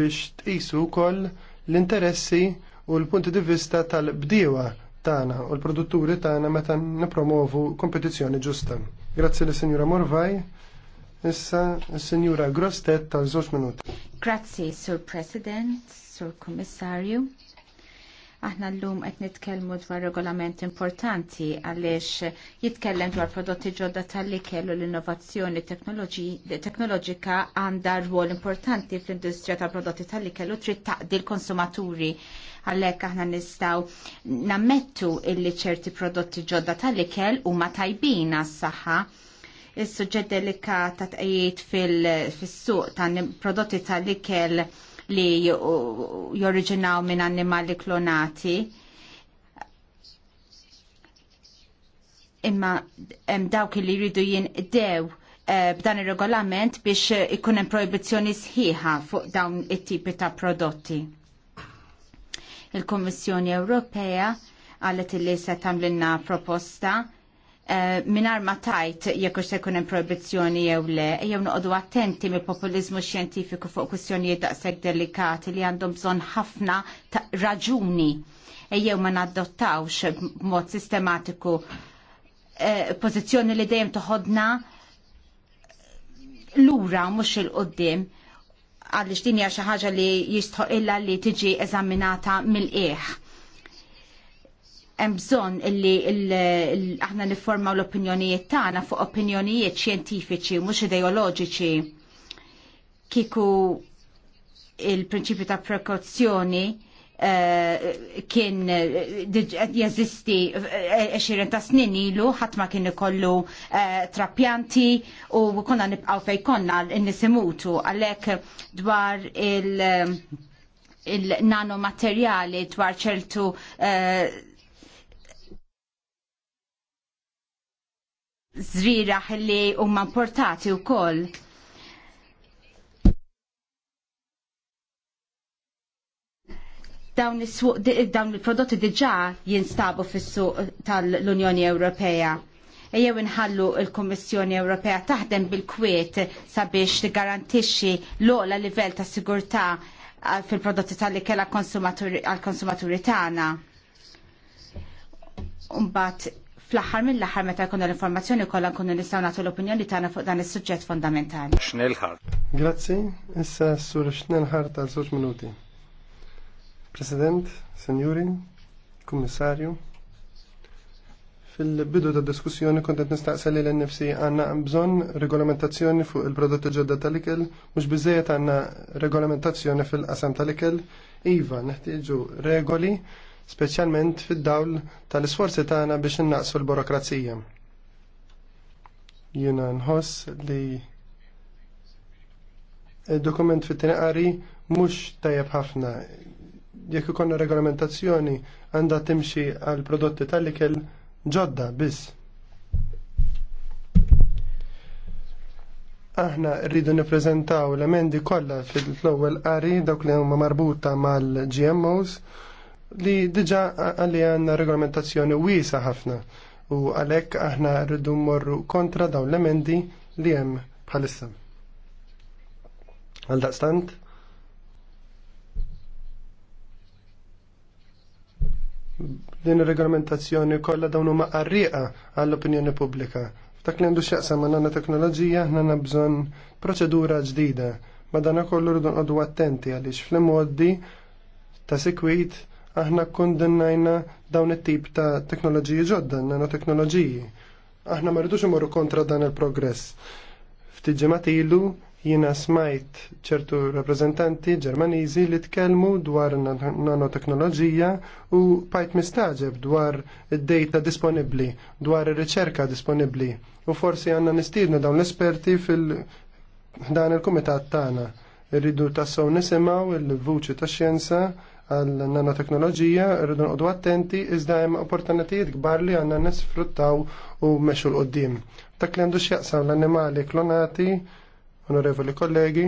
biex tqisu wkoll l-interessi u l-punti di vista tal-bdiewa tagħna u l-produtturi tagħna meta nippromovu kompetizzjoni ġusta. Grazzi li Signora Morvaj. Issa s Grostet tal żewġ minuti. Grazzi, Sur President, Sur Commissario. Aħna l-lum qed nitkellmu dwar regolament importanti għaliex jitkellem dwar prodotti ġodda tal-li kellu l-innovazzjoni teknoloġika għandha rwol importanti fl-industrija tal-prodotti tal-li kellu trid taqdi l-konsumaturi Għalhekk aħna nistaw nammettu illi ċerti prodotti ġodda tal-ikel u ma tajbina s-saħħa Is-suġġett delikat ta' tqajiet fil-suq ta' prodotti tal-ikel li jorriġinaw minn annimali klonati. Imma dawk li jridu jindew eh, b'dan ir-regolament biex ikun hemm proibizzjoni sħiħa fuq dawn it-tipi ta' prodotti. Il-Kommissjoni Ewropea għalet li se tamlinna proposta Eh, minar ma tajt jekk se jkun hemm proibizzjoni jew le, jew noqogħdu attenti mill populiżmu xjentifiku fuq kwistjonijiet daqshekk delikati li għandhom bżonn ħafna ta' raġuni jew ma nadottawx b'mod sistematiku eh, pożizzjoni li dejjem toħodna lura mhux il-qoddim għaliex din hija xi ħaġa li jistħoq illa li tiġi eżaminata mill-qiegħ hemm bżonn illi aħna nifformaw l-opinjonijiet tagħna fuq opinjonijiet xjentifiċi mhux ideoloġiċi kiku il-prinċipju ta' prekozzjoni eh, kien eh, jeżisti 20 eh, ta' snin ilu ħadd ma kien ikollu trapjanti u konna nibqgħu fejn konna n-nisimutu għalhekk dwar il- il-nanomaterjali dwar ċertu żviraħ li huma importati wkoll. dawn il-prodotti diġà jinstabu fis-suq tal-Unjoni Ewropea. jew inħallu l-Kummissjoni Ewropea taħdem bil-kwiet sabiex tigarantixxi l-ola livell ta' sigurtà fil-prodotti tal-ikel għall-konsumaturi tagħna. Umbat fl-aħħar mill-aħħar meta jkun l-informazzjoni kollha nkunu nistgħu nagħtu l-opinjoni tagħna fuq dan is-suġġett fondamentali. Schnellhard. Grazzi, issa sur Schnellhard għal żewġ minuti. President, Senjuri, Kummissarju, fil-bidu ta' diskussjoni kontent nistaqsel li l-NFC għanna bżon regolamentazzjoni fuq il-prodotti ġodda tal-ikel, mux bizzejet għanna regolamentazzjoni fil-qasam tal-ikel, iva, neħtieġu regoli speċjalment fid-dawl tal-isforzi tagħna biex innaqsu l-burokrazija. Jiena nħoss li il-dokument fit-tinqari mhux tajjeb ħafna. Jekk ikollna regolamentazzjoni għandha timxi għal prodotti tal-ikel ġodda biss. Aħna rridu nippreżentaw l-emendi kollha fil-ewwel qari dawk li huma marbuta mal-GMOs li diġa għalli għanna regolamentazzjoni wisa ħafna u għalek aħna rridu morru kontra dawn l-emendi li hemm bħalissa. Għal daqstant? Din ir-regolamentazzjoni kollha dawn huma qarrieqa għall-opinjoni pubblika. F'dak li għandu x'jaqsam għandna teknoloġija aħna bżonn proċedura ġdida. Madana kollu rridu nqogħdu attenti għaliex fl-imoddi ta' sekwit aħna kondennajna dawn it-tip ta' teknoloġiji ġodda, nanoteknoloġiji. Aħna ma rridux imorru kontra dan il-progress. Ftiġi matilu ilu smajt ċertu rappreżentanti Ġermaniżi li tkellmu dwar nanoteknoloġija u pajt mistaġeb dwar id-data disponibbli, dwar ir-riċerka disponibbli. U forsi għandna nistiednu dawn l-esperti fil dan il-kumitat tagħna. Irridu tassaw nisimgħu il-vuċi tax-xjenza għal nanoteknologija rridu nqodu attenti, iżda hemm opportunitajiet kbar li għandna nisfruttaw u mexu l-qoddim. Dak li għandu x'jaqsam l-annimali klonati, onorevoli kollegi.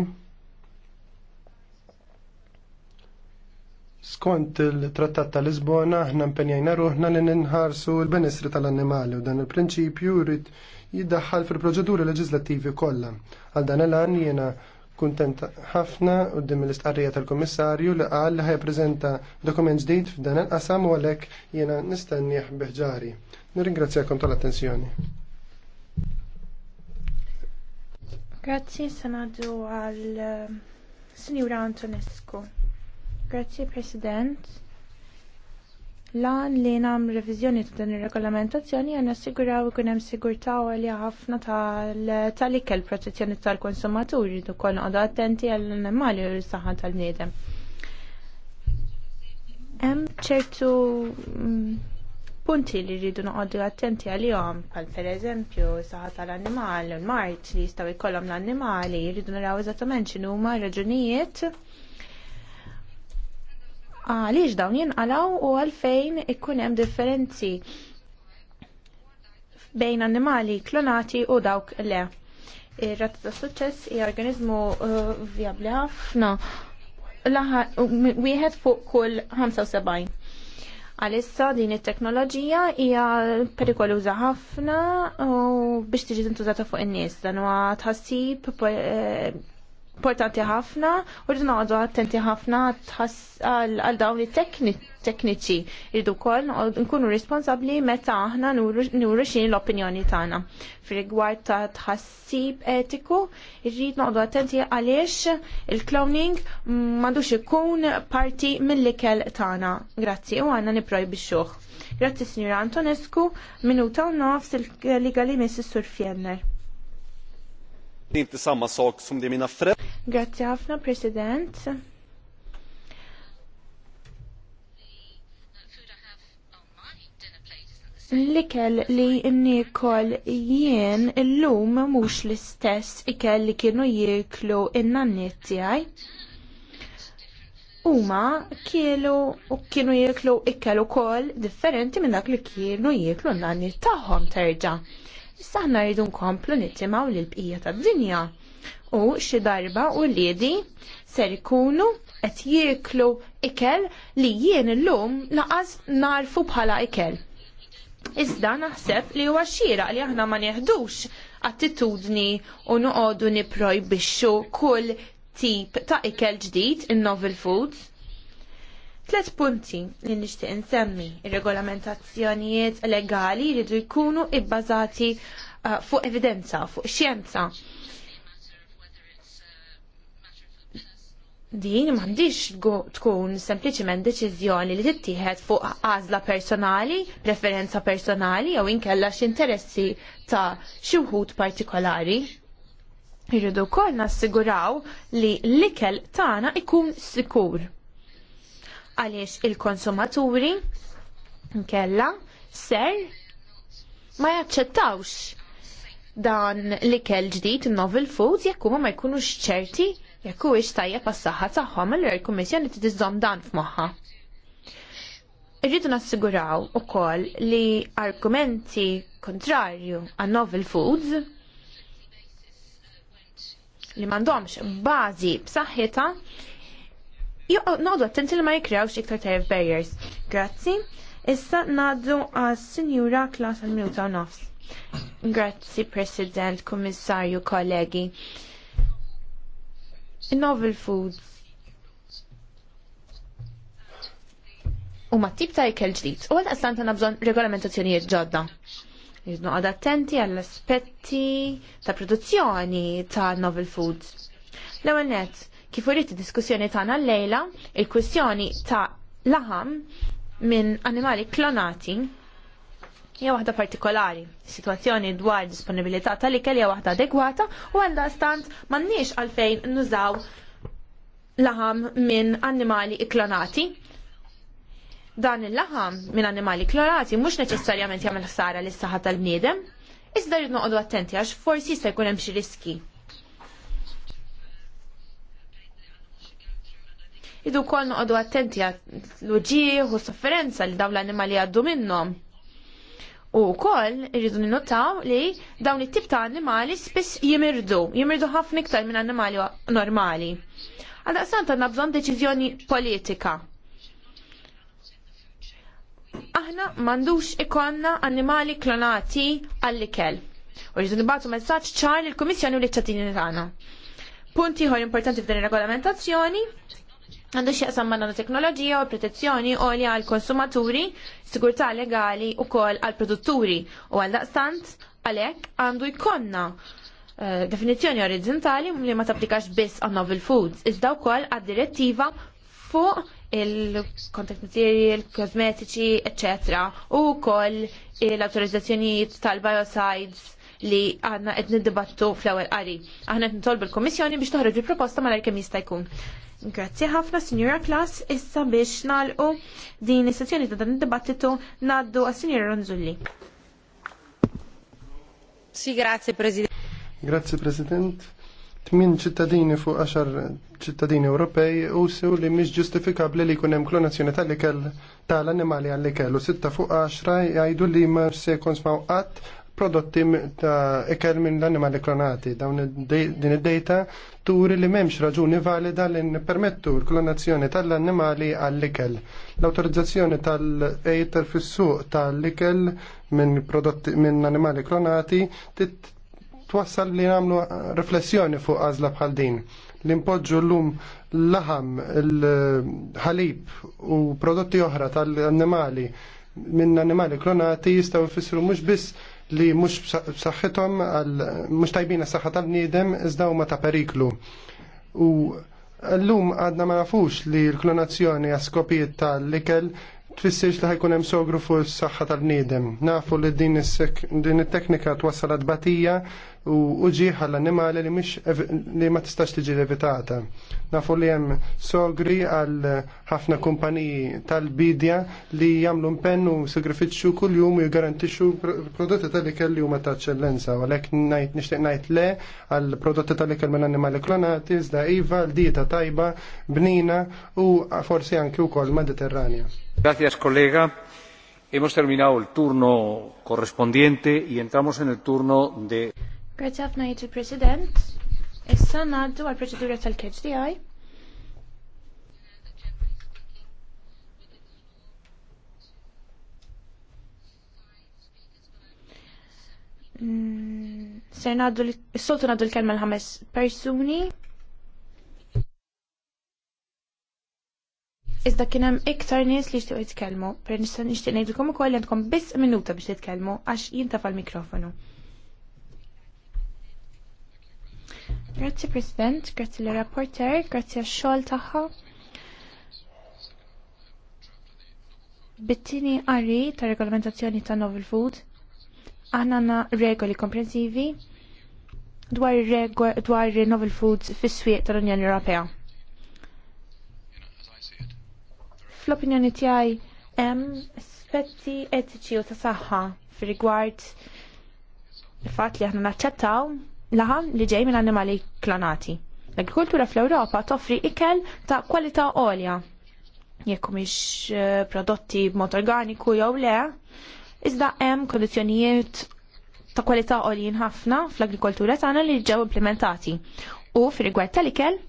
Skont il-Trattat ta' Lisbona, ħna mpenjajna ruħna li ninħarsu l-benessri tal-annimali u dan il-prinċipju jrid jiddaħħal fil-proċeduri leġislattivi kollha. Għal dan il-għan jena kuntent ħafna qudiem l-istqarrija tal-Kummissarju li qal li ħajprezenta dokument ġdid f'dan il-qasam u għalhekk jiena nistennieh biħġari. Nirringrazzjakom tal-attenzjoni. Grazzi, sanadu għal eh, Signora Antonescu. Grazzi, President lan li nam revizjoni ta' din ir-regolamentazzjoni għan assiguraw ikun hemm sigurtà għalja ħafna tal-ikel protezzjoni tal-konsumaturi du kol għadu attenti għall-annimali u s-saħħa tal-bniedem. Hemm ċertu mm, punti li rridu noqogħdu attenti għalihom, bħal pereżempju s-saħħa tal u l-mart li jistgħu jkollhom l-annimali, jridu naraw eżattament x'inhuma raġunijiet għaliex dawn jinqalaw u għalfejn ikun hemm differenzi bejn annimali klonati u dawk le. Ir-rata ta' suċċess hija organizmu uh, vjabli ħafna wieħed fuq kull 75. Għalissa din it-teknoloġija hija perikoluża ħafna u biex tiġi tintużata fuq in-nies dan huwa tħassib eh, importanti ħafna u rridu noqogħdu attenti ħafna għal dawn it-tekniċi rridu wkoll nkunu responsabbli meta aħna nuru xini l-opinjoni tagħna. Fir-rigward ta' tħassib etiku, rridu noqogħdu attenti għaliex il-cloning m'għandux ikun parti mill-ikel tagħna. Grazzi u għandna nipprojbixxuh. Grazzi Sinjura Antonescu, minuta u nofs il-legali Mrs. Sur Fjellner. Inte samma sak som det mina föräldrar. Grazie ħafna, President. L-ikel li nikol jien l-lum mux l-istess ikel li kienu jiklu in-nanniet tiegħi. Uma kienu u kienu jiklu ikel kol differenti minn dak li kienu jiklu n-nanniet tagħhom terġa'. Issa ħna rridu nkomplu nittimaw lil bqija tad-dinja. U xi darba u liedi ser ikunu qed jieklu ikel li jien illum laqas narfu bħala ikel. Iżda naħseb li huwa xira li aħna ma neħdux attitudni u noqogħdu niprojbixxu kull tip ta' ikel ġdid in novel foods Tlet punti li nixtieq insemmi ir-regolamentazzjonijiet legali jridu jkunu ibbażati uh, fuq evidenza, fuq xjenza. Din m'għandix tkun sempliċiment deċiżjoni li tittieħed fuq għażla personali, preferenza personali jew inkella x'interessi ta' xi wħud partikolari. Irridu wkoll nassiguraw li l-ikel tagħna ikun sikur għaliex il-konsumaturi nkella ser ma jaċċettawx dan l-ikel ġdid novel foods jekk huma ma jkunux ċerti jekk huwiex tajjeb għas-saħħa tagħhom allura l-Kummissjoni tiżżomm dan f'moħħha. Irridu nassiguraw ukoll li argumenti kontrarju għan novel foods li mandomx bażi b'saħħitha noqdu attenti li ma jikrawx iktar tarif barriers. Grazzi. Issa nadu għas sinjura klas għal minuta nofs. Grazzi, President, Kommissarju, kollegi. Novel Foods u ma tip ta' ikel ġdid. U għal għastan ta' nabżon regolamentazzjonijiet ġodda. Jiznu għad attenti għall aspetti ta' produzzjoni ta' novel foods. L-ewel Kif urid id-diskussjoni tagħna llejla, il-kwistjoni ta' laħam minn animali klonati hija waħda partikolari. Situazzjoni dwar disponibilità tal-ikel hija waħda adegwata u għandha stant m'għandniex għalfejn nużaw laħam minn annimali klonati. Dan il-laħam minn annimali klonati mhux neċessarjament jagħmel ħsara lis saħħa tal-bniedem, iżda rrid noqogħdu attenti għax forsi jista' jkun hemm xi riski Idu kol noqodu attenti għat l-uġieħ u sofferenza li dawn l-animali għaddu minnom. U kol irridu ninnotaw li dawn it-tip ta' animali spiss jimirdu, jimirdu ħafna iktar minn animali normali. Għadaqsan ta' nabżon deċizjoni politika aħna mandux ikonna animali klonati għall-ikel. U rridu nibatu messaġġ ċar il kummissjoni u l-ċattini tagħna. Punti ieħor importanti f'din ir-regolamentazzjoni għandu xieqsam manna teknoloġija u protezzjoni għolja għal konsumaturi, sigurtà legali u kol għal produtturi u għal daqstant għalek għandu jkonna eh, definizjoni orizzontali li ma tapplikax biss għal novel foods, iżda wkoll għad direttiva fuq il-contact material, kosmetiċi, etc. u kol l autorizzazzjoni tal-biocides li għanna għedni nid-dibattu fl-ewel qari. Aħna għed tolbu l-Komissjoni biex toħroġ il proposta mal-arkem jista' jkun. Grazzi ħafna, Signora Klas, issa biex nalqu din is-sessjoni ta' dan id-dibattitu naddu għas Signora Ronzulli. Si, grazie President. Grazie President. Tmin ċittadini fuq 10 ċittadini Ewropej u sew li mhix ġustifikabbli li jkun hemm klonazzjoni tal-ikel tal-annimali għall-ikel u sitta fuq 10 jgħidu li ma se jkun smaw qatt prodotti ta' ikel minn l-animali klonati. Dawn din id-data turi li memx raġuni valida li permettu l-klonazzjoni tal-animali għall-ikel. L-autorizzazzjoni tal-ejter fis-suq tal-ikel minn prodotti minn animali klonati twassal li namlu riflessjoni fuq għażla bħal din. L-impoġġu l-lum l-laħam, l-ħalib u prodotti oħra tal-animali minn animali klonati jistaw jfissru mhux biss li mhux b'saħħithom mhux tajbina s-saħħa tal-bniedem iżda huma ta' periklu. U llum għadna ma nafux li l-klonazzjoni għas skopijiet tal likel tfissirx li ħajkun hemm sogru fuq is-saħħa tal-bniedem. Nafu li din it-teknika twassalat batija u uġieħ għall-annimali li mhix li ma tistax tiġi levitata. Nafu li hemm sogri għal ħafna kumpaniji tal-bidja li jagħmlu mpenn u sagrifiċċju kuljum u jgarantixxu prodotti tal-ikel li huma ta' eċċellenza, għalhekk ngħid nixtieq ngħid le għal prodotti tal-ikel minn annimali klonati, iżda iva, l-dieta tajba, bnina u forsi anke wkoll mediterranja. Grazie, kollega. Hemos terminado il turno correspondiente y entramos en el turno de. Grazie għafna jitu president. Issa e naddu għal proċedura tal-keġ di għaj. Mm, Ser naddu, s-soltu naddu l-kelma l-ħames persuni. Iżda kien hemm iktar nies li jixtiequ jitkellmu, per nista' nixtieq ngħidilkom ukoll li għandkom biss minuta biex titkellmu għax jintafa' l-mikrofonu. Grazzi President, grazzi l rapporter grazzi għax-xogħol tagħha. Bittini qari ta' regolamentazzjoni ta' novel food, aħna għandna regoli komprensivi dwar, dwar novel foods fis-swieq tal-Unjoni Ewropea Fl-opinjoni tiegħi hemm aspetti etiċi u ta' saħħa rigward il-fatt li aħna naċċettaw laħam li ġej minn annimali klonati. L-agrikoltura fl-Ewropa toffri ikel ta' kwalità olja. jekk mhix eh, prodotti b'mod organiku jew le, iżda hemm kondizzjonijiet ta' kwalità għoljin ħafna fl-agrikoltura tagħna li ġew implementati. U fir-rigward tal-ikel,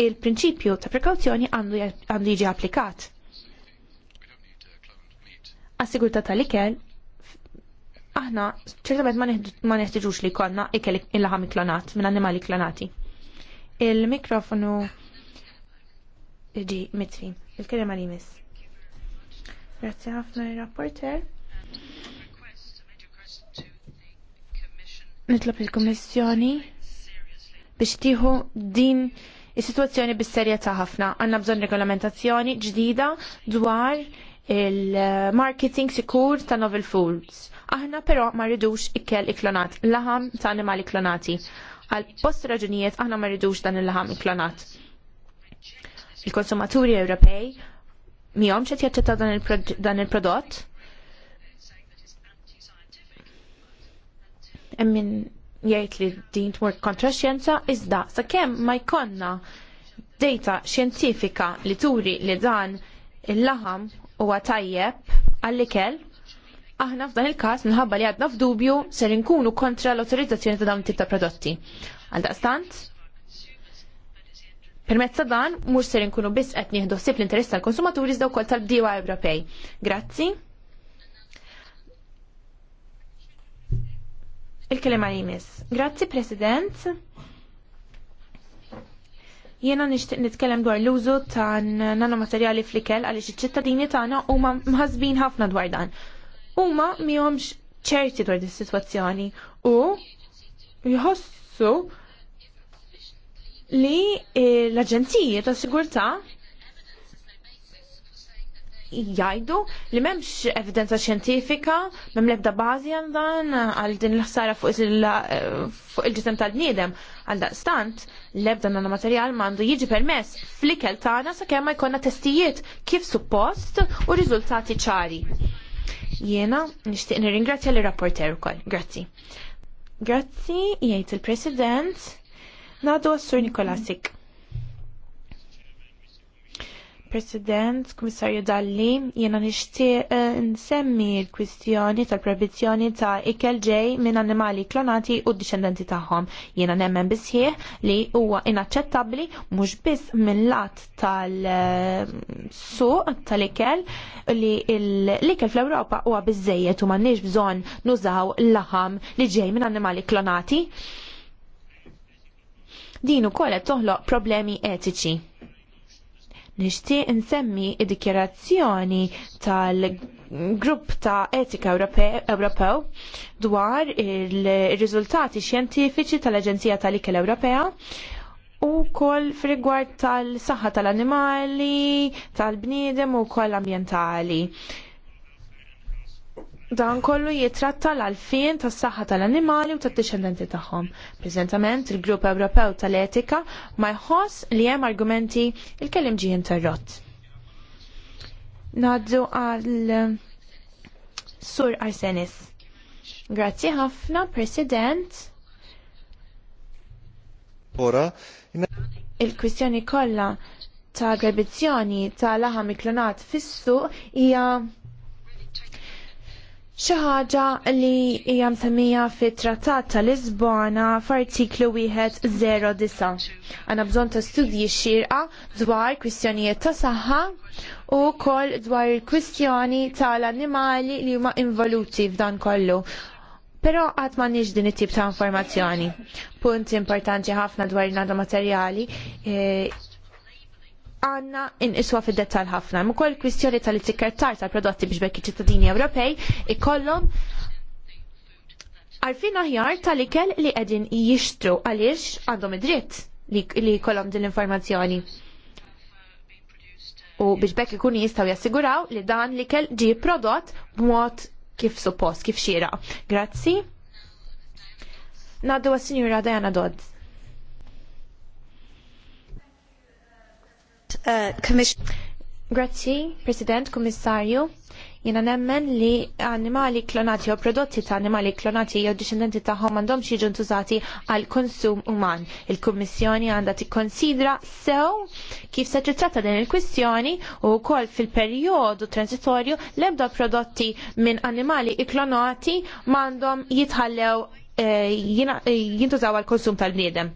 il-prinċipju ta' prekawzjoni għandu jiġi applikat. Għas-sigurta tal-ikel, aħna ċertament ma neħtiġux li konna ikel il-laħam klonat minn annimali klonati. Il-mikrofonu iġi mitfi, il-kelema li mis. Grazie ħafna il-rapporter. Nitlob il-Kommissjoni biex tiħu din Is-sitwazzjoni bis-serjetà ħafna. Għandna bżonn regolamentazzjoni ġdida dwar il-marketing sikur ta' novel foods. Aħna però ma rridux ikkel iklonat, laħam ta' animali klonati. Għal post raġunijiet aħna ma rridux dan il-laħam iklonat. Il-konsumaturi Ewropej miħom ċet jaċċetta dan il-prodott? Emmin jgħid li din tmur kontra xjenza iżda sakemm ma jkollna data xjentifika li turi li dan il-laħam huwa tajjeb għall-ikel, aħna f'dan il-każ minħabba li għadna f'dubju ser inkunu kontra l-autorizzazzjoni ta' dawn tip ta' prodotti. Għal daqstant, Permezz ta' dan, mhux ser inkunu biss qed nieħdu ħsieb l-interess tal-konsumaturi żda wkoll tal-bdiewa Ewropej. Grazzi. Il-kelima li jmiss. Grazzi, President. Jena nishtiq nitkellem dwar l-użu ta' nanomaterjali fl-ikel għaliex iċ-ċittadini tagħna huma mħasbin ħafna dwar dan. Huma mihomx ċerti dwar dis sitwazzjoni u jħossu li eh, l-aġenziji ta' sigurtà jgħidu li memx evidenza xjentifika, mem lebda bazi għandan għal din l-ħsara fuq il-ġisem tal-bniedem. Għal daqstant, lebda nana materjal mandu jiġi permess fl-ikel tagħna sa kemma jkollna testijiet kif suppost u riżultati ċari. Jiena nixtieq nirringrazzja l rapporter ukoll. Grazzi. Grazzi, jgħid il-President. Nadu għas-Sur Nikolasik. President, Kummissarju Dalli, jiena nixtieq eh, nsemmi l-kwistjoni tal prohibizjoni ta' ikel ġej minn annimali klonati u d-discendenti tagħhom. Jiena nemmen bisħieħ li huwa inaċċettabbli mhux biss mill-lat tal-suq eh, tal-ikel li l-ikel fl-Ewropa huwa biżejjed u m'għandniex bżonn nużaw l-laħam li ġej minn annimali klonati. Din ukoll qed toħloq problemi etiċi Nixtieq insemmi id-dikjerazzjoni tal-Grupp ta' Etika Ewropew dwar il-riżultati xjentifiċi tal-Aġenzija tal-Ikel Ewropea u kol f'rigward tal-saħħa tal-animali, tal-bniedem u kol ambjentali dan kollu jitratta l ta' tas saħħa tal-animali u tad discendenti tagħhom. Preżentament il-Grupp Ewropew tal-Etika ma jħoss li hemm argumenti il-kelim ġie interrott. Naddu għal Sur Arsenis. Grazzi ħafna, President. Ora, il-kwistjoni kollha ta' grabizzjoni ta' laħam miklonat fis-suq hija Xi ħaġa li hija msemmija fit-Trattat ta' Lisbona f'artiklu wieħed 09. Għandna bżonn ta' studji xirqa dwar kwistjonijiet ta' saħħa u wkoll dwar il-kwistjoni tal-annimali li huma involuti f'dan kollu. Però qatt m'għandniex din it-tip ta' informazzjoni. Punt importanti ħafna dwar il-nada materjali eh, għanna inqiswa fid dettal ħafna. Ma kol kwistjoni tal-etikettar tal-prodotti biex bekk ċittadini Ewropej ikollhom għarfin aħjar tal-ikel li qegħdin jishtru għaliex għandhom id-dritt li kollom din l-informazzjoni. U biex bekk ikun jistgħu jassiguraw li dan l-ikel ġie prodott b'mod kif suppost, kif xira. Grazzi. Naddu għas-Sinjura Diana Dodds. Uh, Grazzi, President, Kummissarju. Jena nemmen li animali klonati u prodotti ta' animali klonati jew discendenti tagħhom għandhom xi ntużati għal konsum uman. Il-Kummissjoni għandha tikkonsidra sew kif se titratta din il-kwistjoni u wkoll fil-perjodu transitorju l-ebda prodotti minn animali klonati m'għandhom jitħallew eh, eh, jintużaw għal konsum tal-bniedem.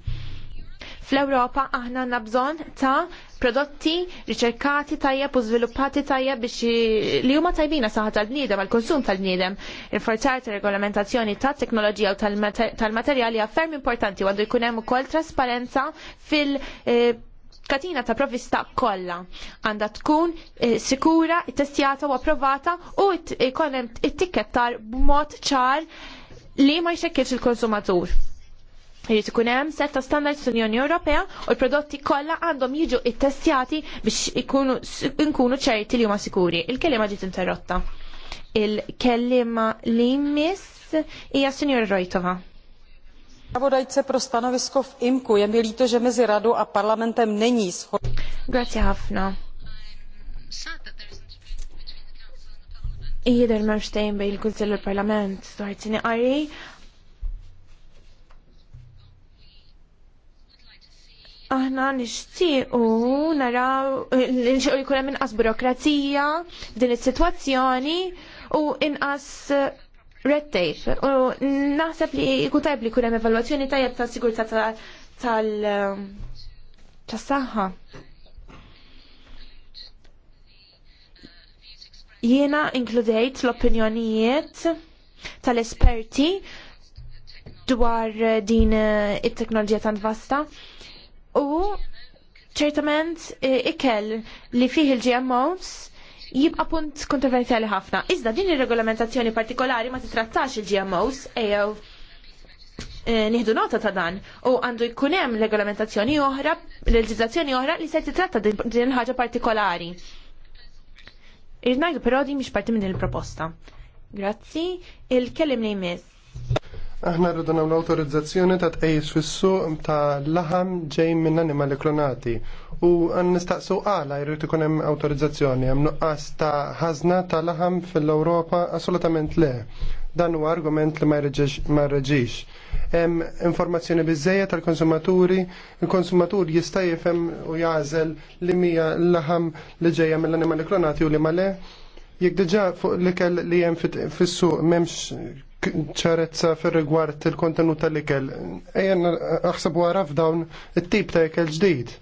Fl-Ewropa aħna nabżon ta' prodotti riċerkati tajjeb u żviluppati tajjeb biex li huma tajbina saħħa tal-bniedem għall-konsum tal-bniedem. Il-forzat Infurzar regolamentazzjoni ta' teknoloġija u tal-materjali affermi importanti għandu jkun hemm ukoll trasparenza fil- eh, katina ta' provvista kollha għandha tkun eh, sikura, testjata u approvata u it-tikket tar b'mod ċar li ma jxekkilx il-konsumatur. Jrid ikun hemm set ta' standards fl-Unjoni Ewropea u l-prodotti kollha għandhom jiġu ttestjati biex nkunu ċerti li huma sikuri. Il-kelima ġiet interrotta. Il-kelima li miss hija Sinjor Rojtova. Pravodajce pro stanovisko v IMKU je mi líto, že mezi radou a parlamentem není schod. Grazie Hafna. Jider marxtejn bej il-Kunsill parlament dwar ne qari, aħna nixtiequ naraw nixtiequ jkun hemm inqas burokrazija f'din is-sitwazzjoni u inqas red tape. U naħseb li jkun tajb li jkun hemm evalwazzjoni tajjeb tas-sigurtà tal um, tas-saħħa. Jiena inkludejt l-opinjonijiet tal-esperti dwar din uh, it-teknoloġija tan vasta u ċertament e, ikel li fih il-GMOs jibqa punt kontroversjali ħafna. Iżda din ir-regolamentazzjoni partikolari ma titrattax il-GMOs ejjew nieħdu nota ta' dan u għandu jkun hemm regolamentazzjoni oħra, leġiżlazzjoni oħra li se titratta din il-ħaġa partikolari. Irnajdu però din mhix parti minn il-proposta. Grazzi, il-kellim li jmiss. Aħna rridu nagħmlu awtorizzazzjoni ta' tqejjis fis-suq ta' laħam ġej minn animali klonati. U għan nistaqsu għala jrid ikun hemm awtorizzazzjoni hemm nuqqas ta' ħażna ta' laħam fil-Ewropa assolutament le. Dan huwa argument li ma jreġix. Hemm informazzjoni biżejja tal-konsumaturi, il-konsumatur jista' jifhem u jażel li mija l-laħam li ġejja mill-animali klonati u li ma le jekk diġà fuq l-ikel li hemm fis-suq m'hemmx ċarezza fir rigward il-kontenut tal-ikel. Ejjen aħseb wara f'dawn it-tip ta' ikel ġdid.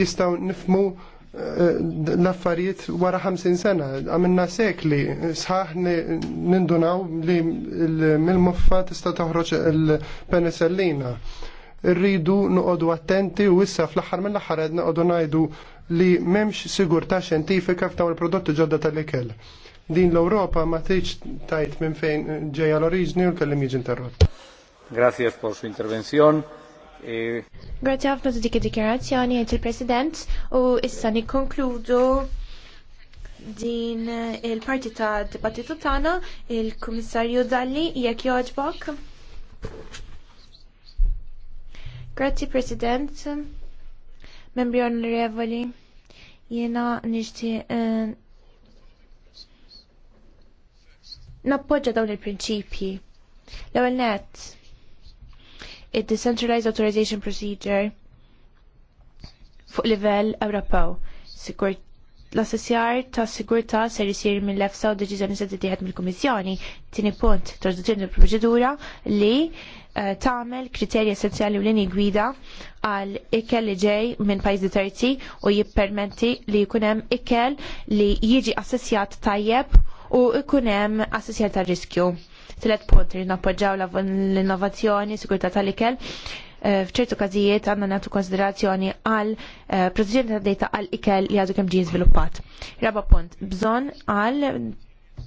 Jistaw nifmu eh, l-affarijiet wara 50 sena, għamilna sekli, sħaħ nindunaw li mil muffa tista' toħroġ il penisellina Rridu nuqodu attenti u issa fl-aħħar mill-aħħar għedna għodu ngħidu li m'hemmx sigurtà xjentifika f'dawn il-prodotti ġodda tal-ikel. Din l-Europa ma teċ tajt minn fejn ġeja l-oriġni u l-kellim jiġi interrott. Grazie por su intervenzjon. Eh, Grazie ħafna ta' dik id-dikjarazzjoni għajt il-President u issa nikkonkludu din il-parti ta' dibattitu tana il-Kummissarju Dalli jekk jogħġbok. Grazie President, membri onorevoli, jiena nixtieq eh, nappoġġa dawn il-prinċipji. L-ewwel net id-Decentralized Authorization Procedure fuq livell Ewropew. L-assessjar ta' sigurtà ser isir mill-EFSA u deċiżjoni se tittieħed mill-Kummissjoni. Tieni punt traduzzjoni tal-proċedura li eh, tagħmel kriterji essenzjali u lini gwida għal ikel li ġej minn pajjiżi terzi u jippermetti li jkun hemm ikel li jiġi assessjat tajjeb u ikunem hemm ta' riskju. Tlet punt li nappoġġaw l-innovazzjoni, sigurtà tal-ikel, eh, f'ċertu każijiet għandna nagħtu konsiderazzjoni għal eh, produzzjoni ta' data għal ikel li għadu kemm ġie żviluppat. Raba punt, bżonn għal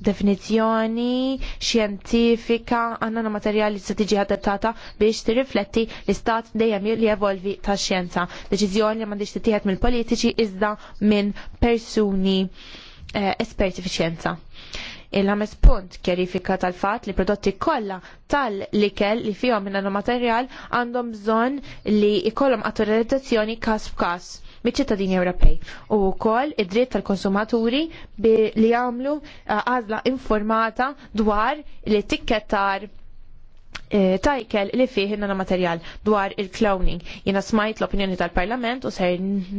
definizjoni xjentifika għandna materjali strategi adattata biex tirrifletti l-istat dejjem li evolvi ta' xjenza. Deċiżjoni li m'għandix titieħed mill-politiċi iżda minn persuni eh, esperti fi xjenza. Il-ħames punt kjerifika tal-fat li prodotti kollha tal-likel li fihom minn materjal għandhom bżonn li jkollhom attualizzazzjoni każ f'każ miċ-ċittadini Ewropej u wkoll id-dritt tal-konsumaturi li jagħmlu eh, għażla informata dwar l-etikettar E, tajkel li fih nana materjal dwar il-cloning. Jina smajt l-opinjoni tal-Parlament u ser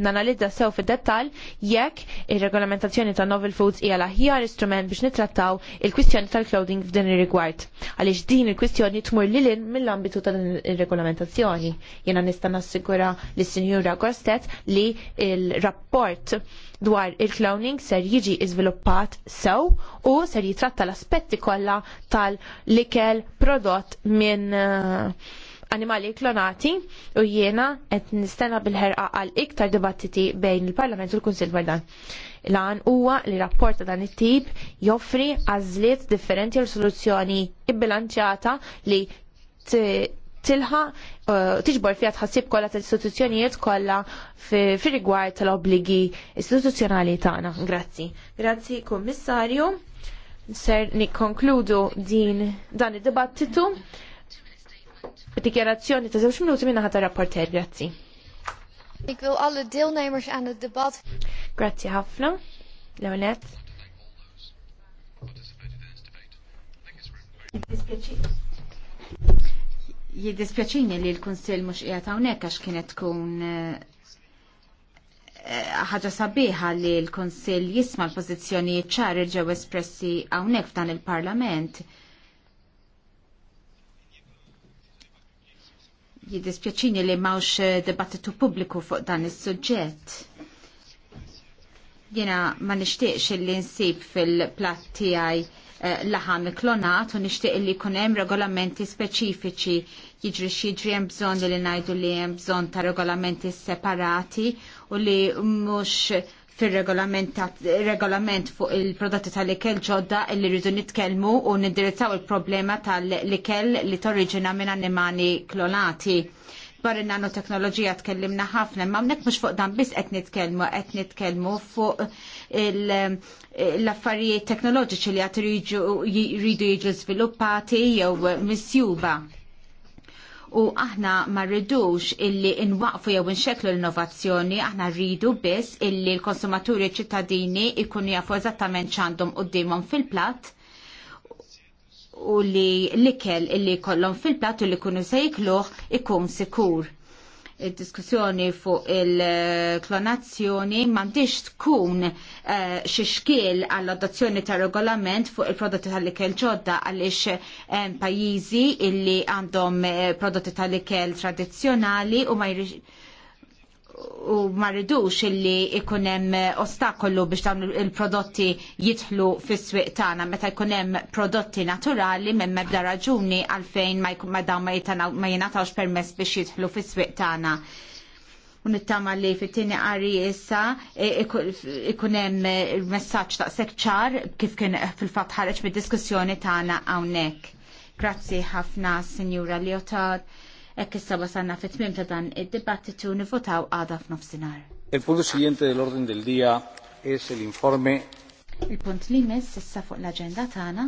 nanalizza sew fid dettal jekk il-regolamentazzjoni ta' Novel Foods hija l-aħjar istrument biex nitrattaw il-kwistjoni tal-cloning f'din ir-rigward. Għaliex din il-kwistjoni tmur lilin mill-ambitu ta' regolamentazzjoni Jina nista' nassigura lis sinjura Gostet li il-rapport dwar il-cloning ser jiġi izviluppat sew u ser jitratta l-aspetti kollha tal-likel prodott minn eh, animali klonati u jiena qed nistenna bil-ħerqa għal iktar dibattiti bejn il-Parlament u l-Kunsil dwar dan. Lan huwa li rapport ta' dan it-tip joffri għażliet differenti u soluzzjoni ibbilanċjata li tilħa uh, tiġbor fija tħassib kollha tal-istituzzjonijiet kollha fi rigward tal-obbligi istituzzjonali tagħna. Grazzi. Grazzi Kummissarju. Ser nikkonkludu din dan id-dibattitu Dikjerazzjoni ta' żewġ minuti minna ħata rapporter, grazzi. Ik wil alle deelnemers aan het debat. Grazzi ħafna. Leonet. Jiddispjaċini li l-Kunsil mux qiegħed hawnhekk għax kienet tkun eh, ħaġa sabiħa li l kunsil jisma l-pozizjoni ċari ġew espressi hawnhekk f'dan il-Parlament. Jiddispjaċini li mawx eh, dibattitu pubbliku fuq dan is-suġġett. Jiena ma nixtieqx li nsib fil-platt tiegħi Eh, laħam klonat u nixtieq li jkun hemm regolamenti speċifiċi jiġri x'jiġri hemm bżonn li ngħidu li hemm bżonn ta' regolamenti separati u li mhux fil-regolament fuq il-prodotti tal-ikel ġodda li rridu nitkellmu u nindirizzaw il-problema tal-ikel li torriġina minn animali klonati Dwar il-nanoteknoloġija tkellimna ħafna, ma mnek mux fuq dan biss qed nitkellmu, qed nitkellmu fuq l-affarijiet teknoloġiċi li għat jridu jiġu sviluppati jew misjuba u aħna ma rridux illi nwaqfu jew inxeklu l-innovazzjoni, aħna rridu biss illi l-konsumaturi ċittadini ikunu jafu eżattament x'għandhom qudiemhom fil-platt u li l-ikel li kollon fil-plat u li kunu sejkluħ ikun sikur. Il-diskussjoni fuq il-klonazzjoni mandiġ tkun uh, eh, xiexkil għall-adozzjoni ta' regolament fuq il-prodotti tal-ikel ġodda għalix um, eh, pajizi illi għandhom eh, prodotti tal-ikel tradizjonali u ma jirix u ma rridux illi ikun hemm ostakollu biex dawn il-prodotti jidħlu fis-swieq tagħna meta jkun hemm prodotti naturali minn mebda raġuni għalfejn ma dawn ma jingħatawx permess biex jidħlu fis-swieq tagħna. U nittama li fit-tieni qari issa e- ikun hemm messaġġ ta' sekċar kif kien fil-fatt ħareġ mid-diskussjoni tagħna hawnhekk. Grazzi ħafna, Sinjura Liotard is issa wasanna fit tmiem ta' dan id-dibattitu nivotaw għada f'nofsinhar. Il-punto siguiente ordin del dia es l-informe. Il-punt li mis issa fuq l-agenda tagħna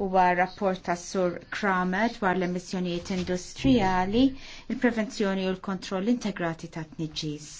huwa rapport ta' Sur Kramer dwar l-emissjonijiet industrijali, il-prevenzjoni u l-kontroll integrati ta' tniġġis.